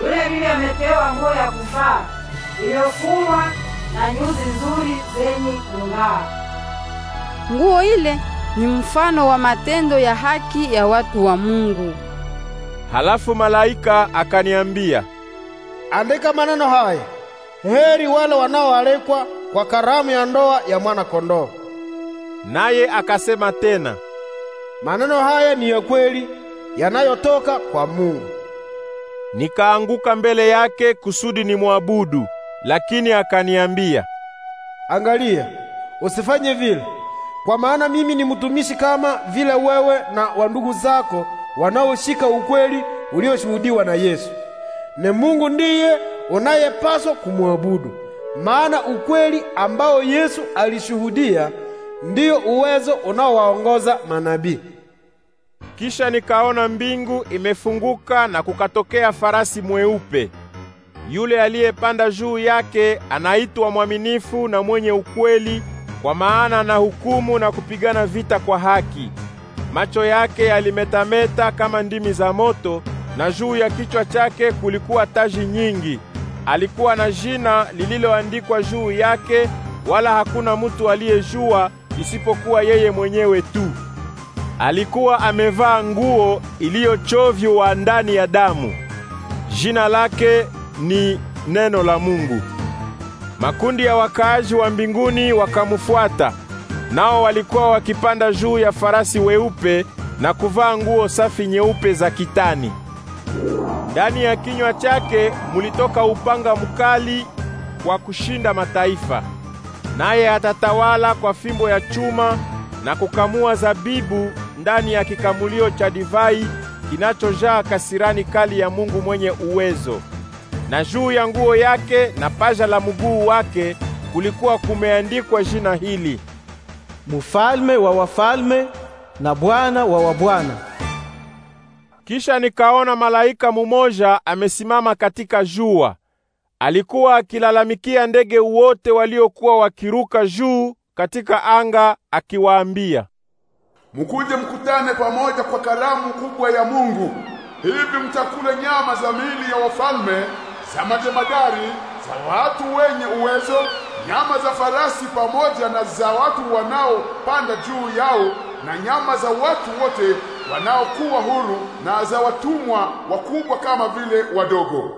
Yule bibi amepewa nguo ya kuvaa iliyofumwa na nyuzi nzuri zenye kung'aa. Nguo ile ni mfano wa matendo ya haki ya watu wa Mungu. Halafu malaika akaniambia, andika maneno haya heri wale wanaoalikwa kwa karamu ya ndoa ya mwana-kondoo. Naye akasema tena, maneno haya ni ya kweli yanayotoka kwa Mungu. Nikaanguka mbele yake kusudi ni nimwabudu, lakini akaniambia, angalia, usifanye vile, kwa maana mimi ni mtumishi kama vile wewe na wandugu zako wanaoshika ukweli ulioshuhudiwa na Yesu. Ni Mungu ndiye unayepaswa kumwabudu, maana ukweli ambao Yesu alishuhudia ndiyo uwezo unaowaongoza manabii. Kisha nikaona mbingu imefunguka na kukatokea farasi mweupe. Yule aliyepanda juu yake anaitwa mwaminifu na mwenye ukweli, kwa maana anahukumu na kupigana vita kwa haki. Macho yake yalimetameta kama ndimi za moto, na juu ya kichwa chake kulikuwa taji nyingi alikuwa na jina lililoandikwa juu yake, wala hakuna mutu aliyejua isipokuwa yeye mwenyewe tu. Alikuwa amevaa nguo iliyochovyiwa ndani ya damu. Jina lake ni neno la Mungu. Makundi ya wakaaji wa mbinguni wakamfuata, nao walikuwa wakipanda juu ya farasi weupe na kuvaa nguo safi nyeupe za kitani. Ndani ya kinywa chake mulitoka upanga mkali wa kushinda mataifa, naye atatawala kwa fimbo ya chuma na kukamua zabibu ndani ya kikamulio cha divai kinachojaa kasirani kali ya Mungu mwenye uwezo. Na juu ya nguo yake na paja la mguu wake kulikuwa kumeandikwa jina hili: Mufalme wa wafalme na Bwana wa wabwana. Kisha nikaona malaika mumoja amesimama katika jua. Alikuwa akilalamikia ndege wote waliokuwa wakiruka juu katika anga, akiwaambia, mukuje mkutane pamoja kwa karamu kubwa ya Mungu. Hivi mtakula nyama za miili ya wafalme, za majemadari, za watu wenye uwezo, nyama za farasi pamoja na za watu wanaopanda juu yao na nyama za watu wote wanaokuwa huru na za watumwa wakubwa kama vile wadogo.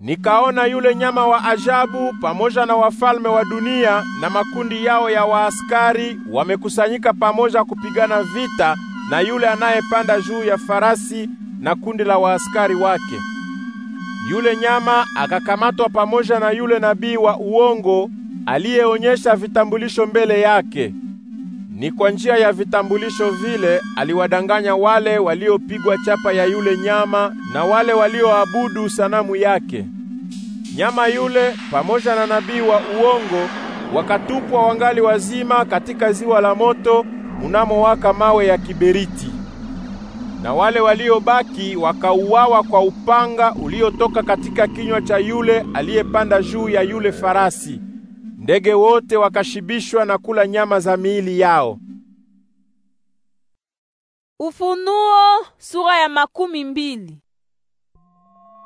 Nikaona yule nyama wa ajabu pamoja na wafalme wa dunia na makundi yao ya waaskari wamekusanyika pamoja kupigana vita na yule anayepanda juu ya farasi na kundi la waaskari wake. Yule nyama akakamatwa pamoja na yule nabii wa uongo aliyeonyesha vitambulisho mbele yake. Ni kwa njia ya vitambulisho vile aliwadanganya wale waliopigwa chapa ya yule nyama na wale walioabudu sanamu yake. Nyama yule pamoja na nabii wa uongo wakatupwa wangali wazima katika ziwa la moto munamowaka mawe ya kiberiti, na wale waliobaki wakauawa kwa upanga uliotoka katika kinywa cha yule aliyepanda juu ya yule farasi. Ndege wote wakashibishwa na kula nyama za miili yao. Ufunuo sura ya makumi mbili.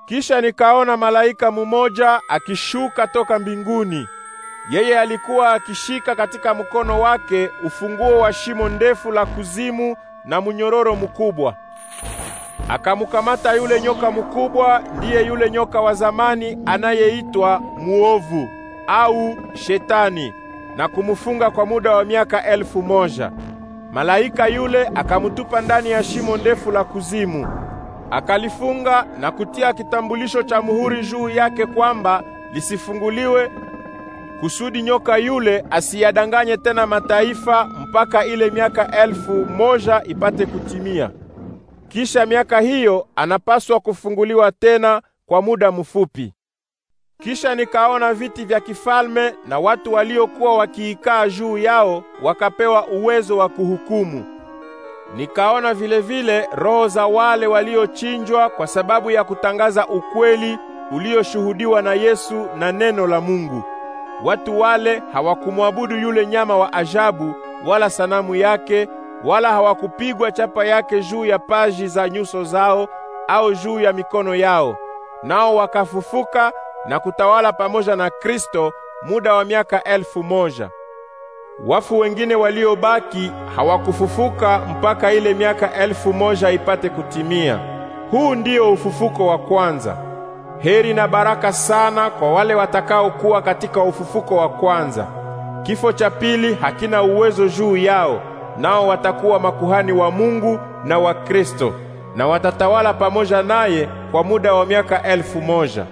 Kisha nikaona malaika mumoja akishuka toka mbinguni. Yeye alikuwa akishika katika mkono wake ufunguo wa shimo ndefu la kuzimu na munyororo mkubwa. Akamukamata yule nyoka mkubwa, ndiye yule nyoka wa zamani anayeitwa muovu au shetani na kumufunga kwa muda wa miaka elfu moja. Malaika yule akamutupa ndani ya shimo ndefu la kuzimu, akalifunga na kutia kitambulisho cha muhuri juu yake kwamba lisifunguliwe kusudi nyoka yule asiyadanganye tena mataifa mpaka ile miaka elfu moja ipate kutimia. Kisha miaka hiyo anapaswa kufunguliwa tena kwa muda mfupi. Kisha nikaona viti vya kifalme na watu waliokuwa wakiikaa juu yao wakapewa uwezo wa kuhukumu. Nikaona vilevile roho za wale waliochinjwa kwa sababu ya kutangaza ukweli ulioshuhudiwa na Yesu na neno la Mungu. Watu wale hawakumwabudu yule nyama wa ajabu wala sanamu yake, wala hawakupigwa chapa yake juu ya paji za nyuso zao au juu ya mikono yao. Nao wakafufuka na kutawala pamoja na Kristo muda wa miaka elfu moja. Wafu wengine waliobaki hawakufufuka mpaka ile miaka elfu moja ipate kutimia. Huu ndio ufufuko wa kwanza. Heri na baraka sana kwa wale watakaokuwa katika ufufuko wa kwanza. Kifo cha pili hakina uwezo juu yao, nao watakuwa makuhani wa Mungu na wa Kristo, na watatawala pamoja naye kwa muda wa miaka elfu moja.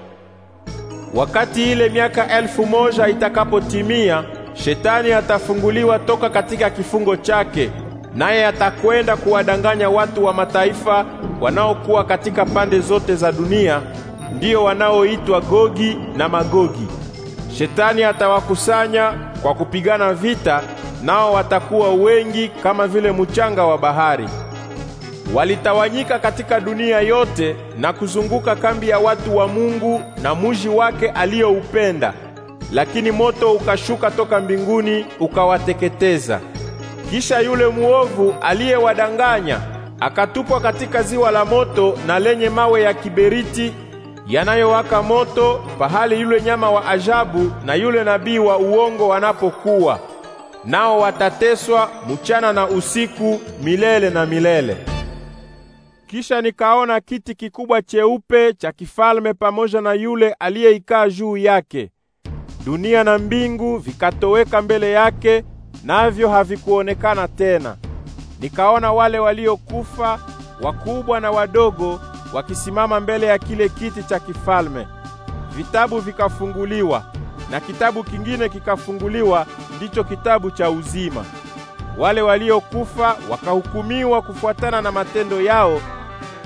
Wakati ile miaka elfu moja itakapotimia, shetani atafunguliwa toka katika kifungo chake, naye atakwenda kuwadanganya watu wa mataifa wanaokuwa katika pande zote za dunia, ndio wanaoitwa Gogi na Magogi. Shetani atawakusanya kwa kupigana vita, nao watakuwa wengi kama vile mchanga wa bahari walitawanyika katika dunia yote na kuzunguka kambi ya watu wa Mungu na muji wake aliyoupenda, lakini moto ukashuka toka mbinguni ukawateketeza. Kisha yule muovu aliyewadanganya akatupwa katika ziwa la moto na lenye mawe ya kiberiti yanayowaka moto, pahali yule nyama wa ajabu na yule nabii wa uongo wanapokuwa nao watateswa mchana na usiku milele na milele. Kisha nikaona kiti kikubwa cheupe cha kifalme pamoja na yule aliyeikaa juu yake. Dunia na mbingu vikatoweka mbele yake, navyo havikuonekana tena. Nikaona wale waliokufa, wakubwa na wadogo, wakisimama mbele ya kile kiti cha kifalme. Vitabu vikafunguliwa, na kitabu kingine kikafunguliwa, ndicho kitabu cha uzima. Wale waliokufa wakahukumiwa kufuatana na matendo yao,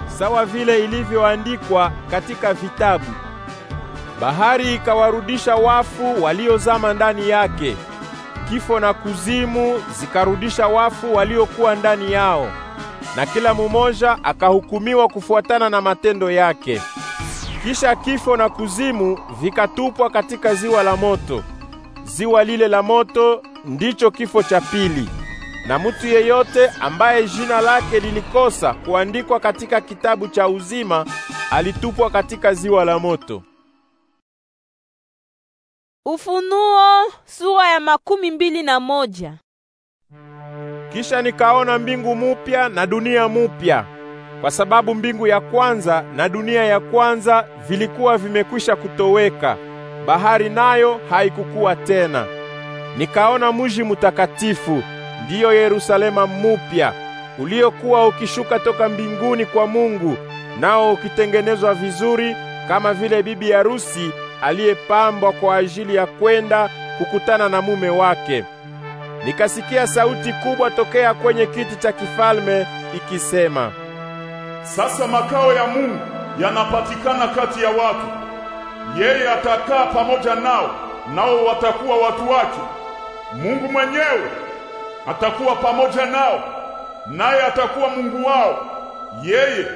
sawa vile ilivyoandikwa katika vitabu. Bahari ikawarudisha wafu waliozama ndani yake. Kifo na kuzimu zikarudisha wafu waliokuwa ndani yao, na kila mumoja akahukumiwa kufuatana na matendo yake. Kisha kifo na kuzimu vikatupwa katika ziwa la moto. Ziwa lile la moto ndicho kifo cha pili na mutu yeyote ambaye jina lake lilikosa kuandikwa katika kitabu cha uzima alitupwa katika ziwa la moto. Ufunuo sura ya makumi mbili na moja. Kisha nikaona mbingu mupya na dunia mupya, kwa sababu mbingu ya kwanza na dunia ya kwanza vilikuwa vimekwisha kutoweka, bahari nayo haikukuwa tena. Nikaona muji mutakatifu ndiyo Yerusalema mupya uliokuwa ukishuka toka mbinguni kwa Mungu, nao ukitengenezwa vizuri kama vile bibi harusi aliyepambwa kwa ajili ya kwenda kukutana na mume wake. Nikasikia sauti kubwa tokea kwenye kiti cha kifalme ikisema, sasa makao ya Mungu yanapatikana kati ya watu. Yeye atakaa pamoja nao, nao watakuwa watu wake. Mungu mwenyewe atakuwa pamoja nao naye atakuwa Mungu wao yeye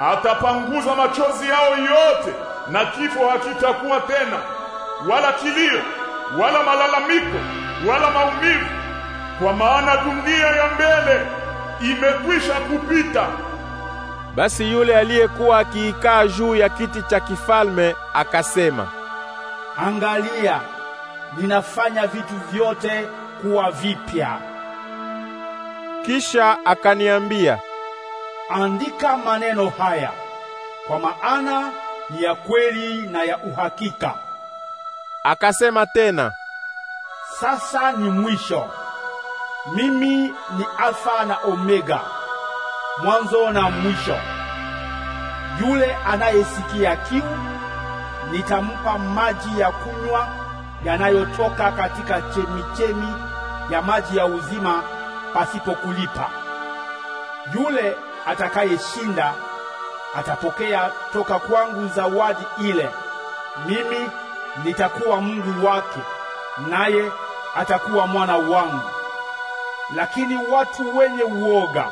atapanguza machozi yao yote na kifo hakitakuwa tena wala kilio wala malalamiko wala maumivu kwa maana dunia ya mbele imekwisha kupita basi yule aliyekuwa akiikaa juu ya kiti cha kifalme akasema angalia ninafanya vitu vyote kuwa vipya kisha akaniambia, andika maneno haya, kwa maana ni ya kweli na ya uhakika. Akasema tena, sasa ni mwisho. Mimi ni Alfa na Omega, mwanzo na mwisho. Yule anayesikia kiu nitampa maji ya kunywa yanayotoka katika chemichemi ya maji ya uzima pasipokulipa. Yule atakayeshinda atapokea toka kwangu zawadi ile, mimi nitakuwa Mungu wake, naye atakuwa mwana wangu. Lakini watu wenye uoga,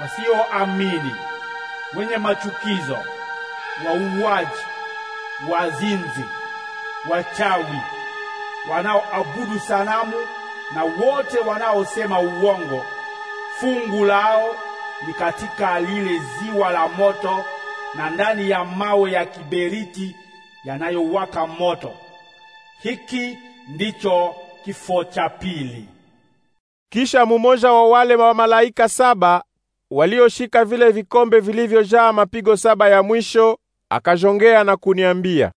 wasioamini, wenye machukizo, wauaji, wazinzi, wachawi, wanaoabudu sanamu na wote wanaosema uwongo fungu lao ni katika lile ziwa la moto na ndani ya mawe ya kiberiti yanayowaka moto. Hiki ndicho kifo cha pili. Kisha mumoja wa wale wa malaika saba walioshika vile vikombe vilivyojaa mapigo saba ya mwisho akajongea na kuniambia,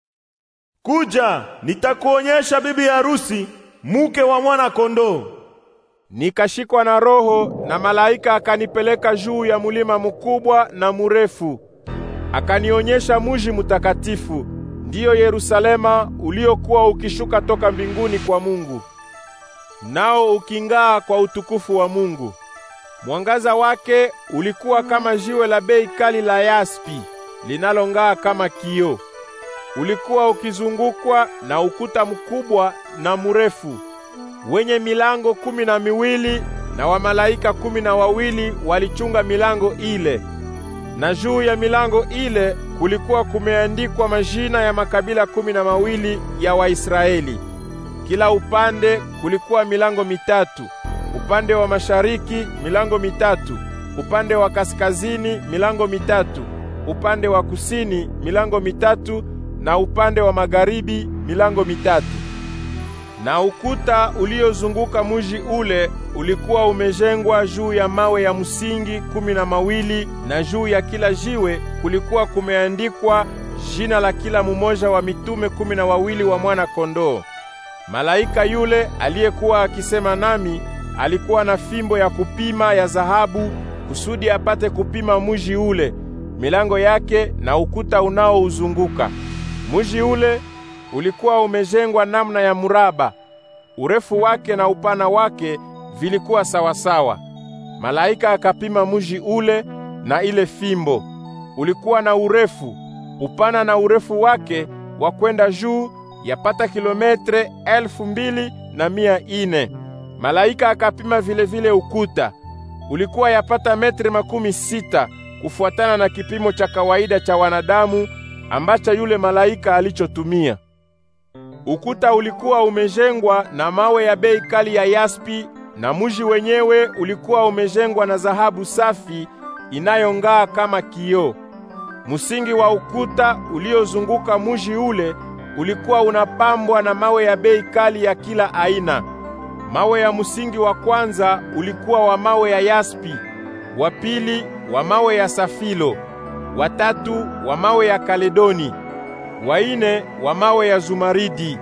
kuja, nitakuonyesha bibi harusi muke wa mwana kondoo. Nikashikwa na roho, na malaika akanipeleka juu ya mulima mkubwa na murefu, akanionyesha muji mutakatifu, ndiyo Yerusalema, uliokuwa ukishuka toka mbinguni kwa Mungu, nao uking'aa kwa utukufu wa Mungu. Mwangaza wake ulikuwa kama jiwe la bei kali la yaspi linalong'aa kama kioo ulikuwa ukizungukwa na ukuta mkubwa na mrefu wenye milango kumi na miwili na wamalaika kumi na wawili walichunga milango ile, na juu ya milango ile kulikuwa kumeandikwa majina ya makabila kumi na mawili ya Waisraeli. Kila upande kulikuwa milango mitatu: upande wa mashariki milango mitatu, upande wa kaskazini milango mitatu, upande wa kusini milango mitatu na upande wa magharibi milango mitatu. Na ukuta uliozunguka muji ule ulikuwa umejengwa juu ya mawe ya msingi kumi na mawili, na juu ya kila jiwe kulikuwa kumeandikwa jina la kila mumoja wa mitume kumi na wawili wa mwana kondoo. Malaika yule aliyekuwa akisema nami alikuwa na fimbo ya kupima ya dhahabu kusudi apate kupima muji ule, milango yake na ukuta unaouzunguka. Muji ule ulikuwa umejengwa namna ya muraba, urefu wake na upana wake vilikuwa sawa-sawa Malaika akapima muji ule na ile fimbo. Ulikuwa na urefu, upana na urefu wake wa kwenda juu yapata kilometre elfu mbili na mia ine. Malaika akapima vile vile ukuta. Ulikuwa yapata metri makumi sita kufuatana na kipimo cha kawaida cha wanadamu ambacho yule malaika alichotumia. Ukuta ulikuwa umejengwa na mawe ya bei kali ya yaspi, na muji wenyewe ulikuwa umejengwa na dhahabu safi inayong'aa kama kioo. Msingi wa ukuta uliozunguka muji ule ulikuwa unapambwa na mawe ya bei kali ya kila aina. Mawe ya msingi wa kwanza ulikuwa wa mawe ya yaspi, wa pili wa mawe ya safilo watatu wa mawe ya Kaledoni, waine wa mawe ya Zumaridi,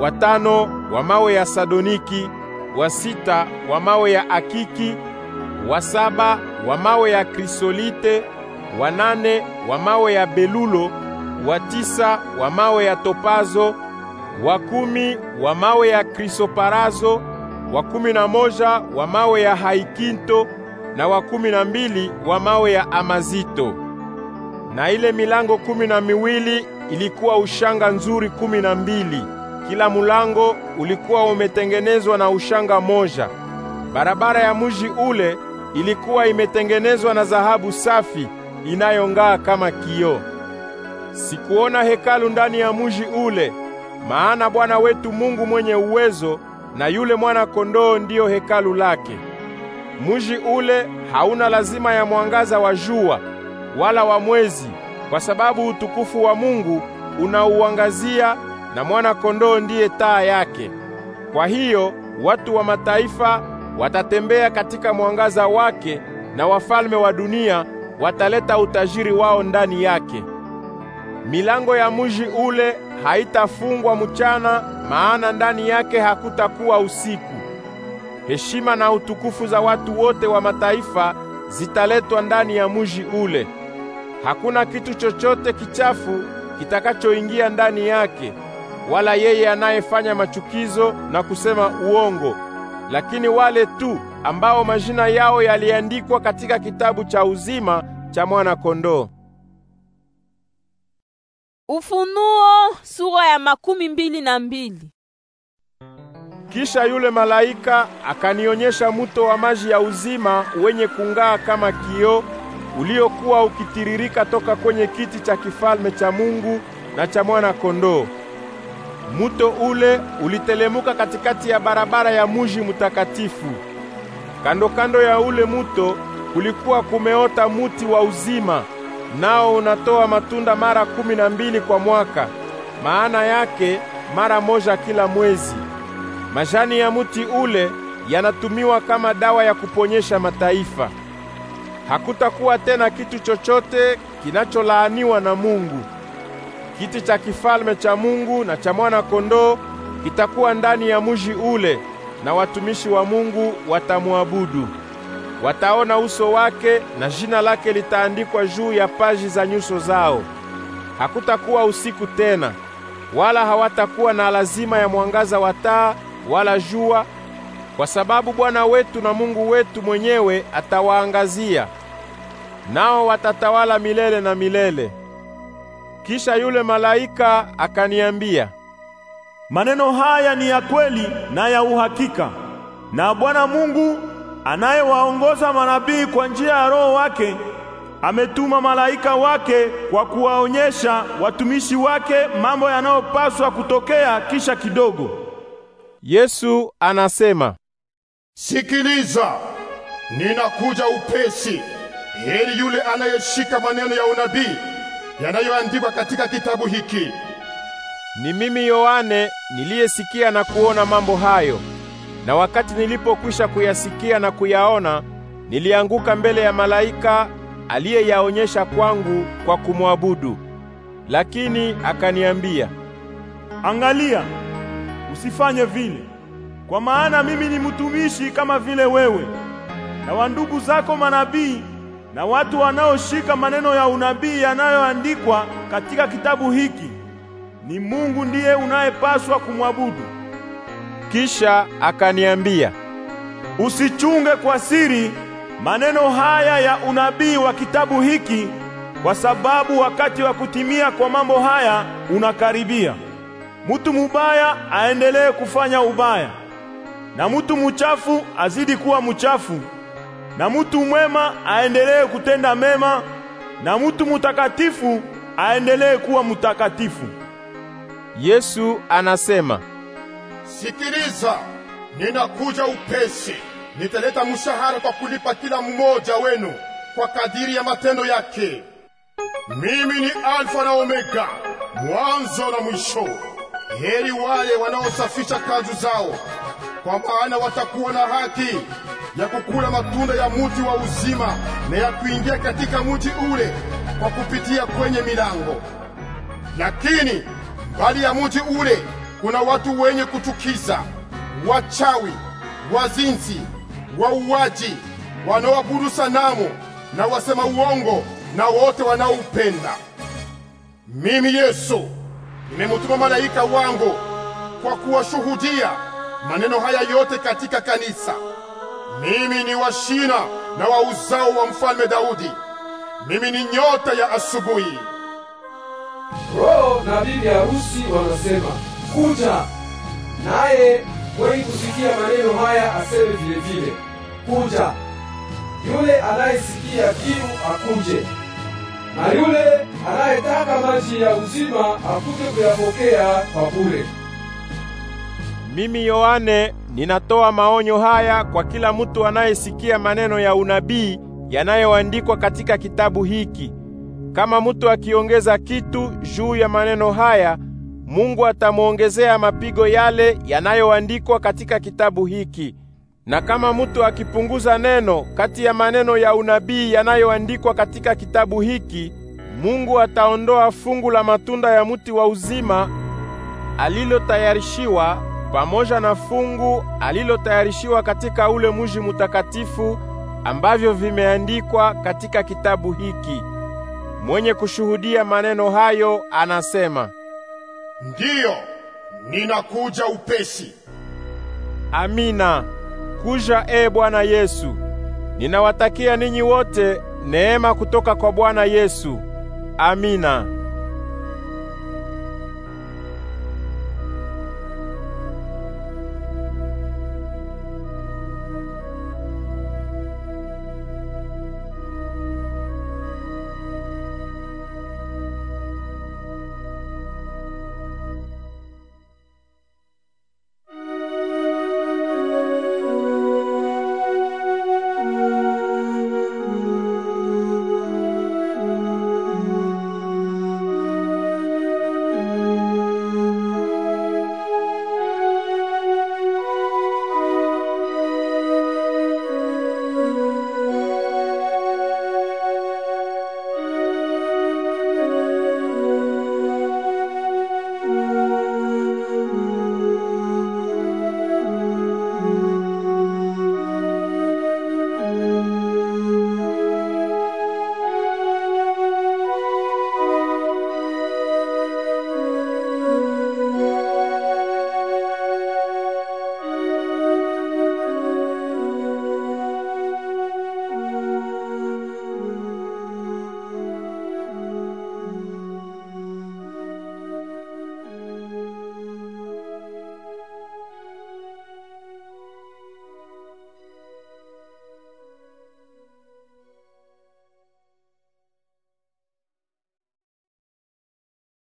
watano wa mawe ya Sadoniki, wa sita wa mawe ya Akiki, wa saba wa mawe ya Krisolite, wa nane wa mawe ya Belulo, wa tisa wa mawe ya Topazo, wa kumi wa mawe ya Krisoparazo, wa kumi na moja wa mawe ya Haikinto na wa kumi na mbili wa mawe ya Amazito na ile milango kumi na miwili ilikuwa ushanga nzuri kumi na mbili. Kila mulango ulikuwa umetengenezwa na ushanga moja. Barabara ya muji ule ilikuwa imetengenezwa na dhahabu safi inayong'aa kama kioo. Sikuona hekalu ndani ya muji ule, maana Bwana wetu Mungu mwenye uwezo na yule mwana kondoo ndiyo hekalu lake. Muji ule hauna lazima ya mwangaza wa jua wala wa mwezi, kwa sababu utukufu wa Mungu unauangazia na mwana-kondoo ndiye taa yake. Kwa hiyo watu wa mataifa watatembea katika mwangaza wake, na wafalme wa dunia wataleta utajiri wao ndani yake. Milango ya muji ule haitafungwa mchana, maana ndani yake hakutakuwa usiku. Heshima na utukufu za watu wote wa mataifa zitaletwa ndani ya muji ule hakuna kitu chochote kichafu kitakachoingia ndani yake, wala yeye anayefanya machukizo na kusema uongo, lakini wale tu ambao majina yao yaliandikwa katika kitabu cha uzima cha mwana-kondoo. Ufunuo sura ya makumi mbili na mbili. Kisha yule malaika akanionyesha muto wa maji ya uzima wenye kung'aa kama kioo uliokuwa ukitiririka toka kwenye kiti cha kifalme cha Mungu na cha mwana-kondoo. Muto ule ulitelemuka katikati ya barabara ya muji mtakatifu. Kando kando ya ule muto kulikuwa kumeota muti wa uzima, nao unatoa matunda mara kumi na mbili kwa mwaka, maana yake mara moja kila mwezi. Majani ya muti ule yanatumiwa kama dawa ya kuponyesha mataifa hakutakuwa tena kitu chochote kinacholaaniwa na Mungu. Kiti cha kifalme cha Mungu na cha mwana-kondoo kitakuwa ndani ya mji ule, na watumishi wa Mungu watamwabudu. Wataona uso wake na jina lake litaandikwa juu ya paji za nyuso zao. Hakutakuwa usiku tena, wala hawatakuwa na lazima ya mwangaza wa taa wala jua, kwa sababu Bwana wetu na Mungu wetu mwenyewe atawaangazia nao watatawala milele na milele. Kisha yule malaika akaniambia, maneno haya ni ya kweli na ya uhakika, na Bwana Mungu anayewaongoza manabii kwa njia ya Roho wake ametuma malaika wake kwa kuwaonyesha watumishi wake mambo yanayopaswa kutokea kisha kidogo. Yesu anasema, sikiliza, ninakuja upesi. Heri yule anayeshika maneno ya unabii yanayoandikwa katika kitabu hiki. Ni mimi Yohane niliyesikia na kuona mambo hayo. Na wakati nilipokwisha kuyasikia na kuyaona, nilianguka mbele ya malaika aliyeyaonyesha kwangu kwa kumwabudu. Lakini akaniambia, "Angalia, usifanye vile. Kwa maana mimi ni mtumishi kama vile wewe, na wandugu zako manabii na watu wanaoshika maneno ya unabii yanayoandikwa katika kitabu hiki. Ni Mungu ndiye unayepaswa kumwabudu. Kisha akaniambia, usichunge kwa siri maneno haya ya unabii wa kitabu hiki, kwa sababu wakati wa kutimia kwa mambo haya unakaribia. Mutu mubaya aendelee kufanya ubaya na mutu muchafu azidi kuwa muchafu na mutu mwema aendelee kutenda mema, na mutu mutakatifu aendelee kuwa mutakatifu. Yesu anasema, sikiliza, ninakuja upesi, nitaleta mshahara kwa kulipa kila mmoja wenu kwa kadiri ya matendo yake. Mimi ni Alfa na Omega, mwanzo na mwisho. Heri wale wanaosafisha kanzu zao, kwa maana watakuwa na haki ya kukula matunda ya muti wa uzima na ya kuingia katika muti ule kwa kupitia kwenye milango. Lakini mbali ya muti ule kuna watu wenye kuchukiza, wachawi, wazinzi, wauaji, wanaoabudu sanamu na wasema uongo na wote wanaoupenda. Mimi Yesu nimemutuma malaika wangu kwa kuwashuhudia maneno haya yote katika kanisa. Mimi ni wa shina na wa uzao wa mfalme Daudi. Mimi ni nyota ya asubuhi. Roho na bibi harusi wanasema kuja, naye mwenye kusikia maneno haya aseme vile vile kuja. Yule anayesikia kiu akuje, na yule anayetaka maji ya uzima akuje kuyapokea kwa bure. Mimi Yohane Ninatoa maonyo haya kwa kila mtu anayesikia maneno ya unabii yanayoandikwa katika kitabu hiki. Kama mtu akiongeza kitu juu ya maneno haya, Mungu atamwongezea mapigo yale yanayoandikwa katika kitabu hiki. Na kama mtu akipunguza neno kati ya maneno ya unabii yanayoandikwa katika kitabu hiki, Mungu ataondoa fungu la matunda ya muti wa uzima alilotayarishiwa pamoja na fungu alilotayarishiwa katika ule mji mutakatifu, ambavyo vimeandikwa katika kitabu hiki. Mwenye kushuhudia maneno hayo anasema, ndiyo, ninakuja upesi. Amina. Kuja, e Bwana Yesu. Ninawatakia ninyi wote neema kutoka kwa Bwana Yesu. Amina.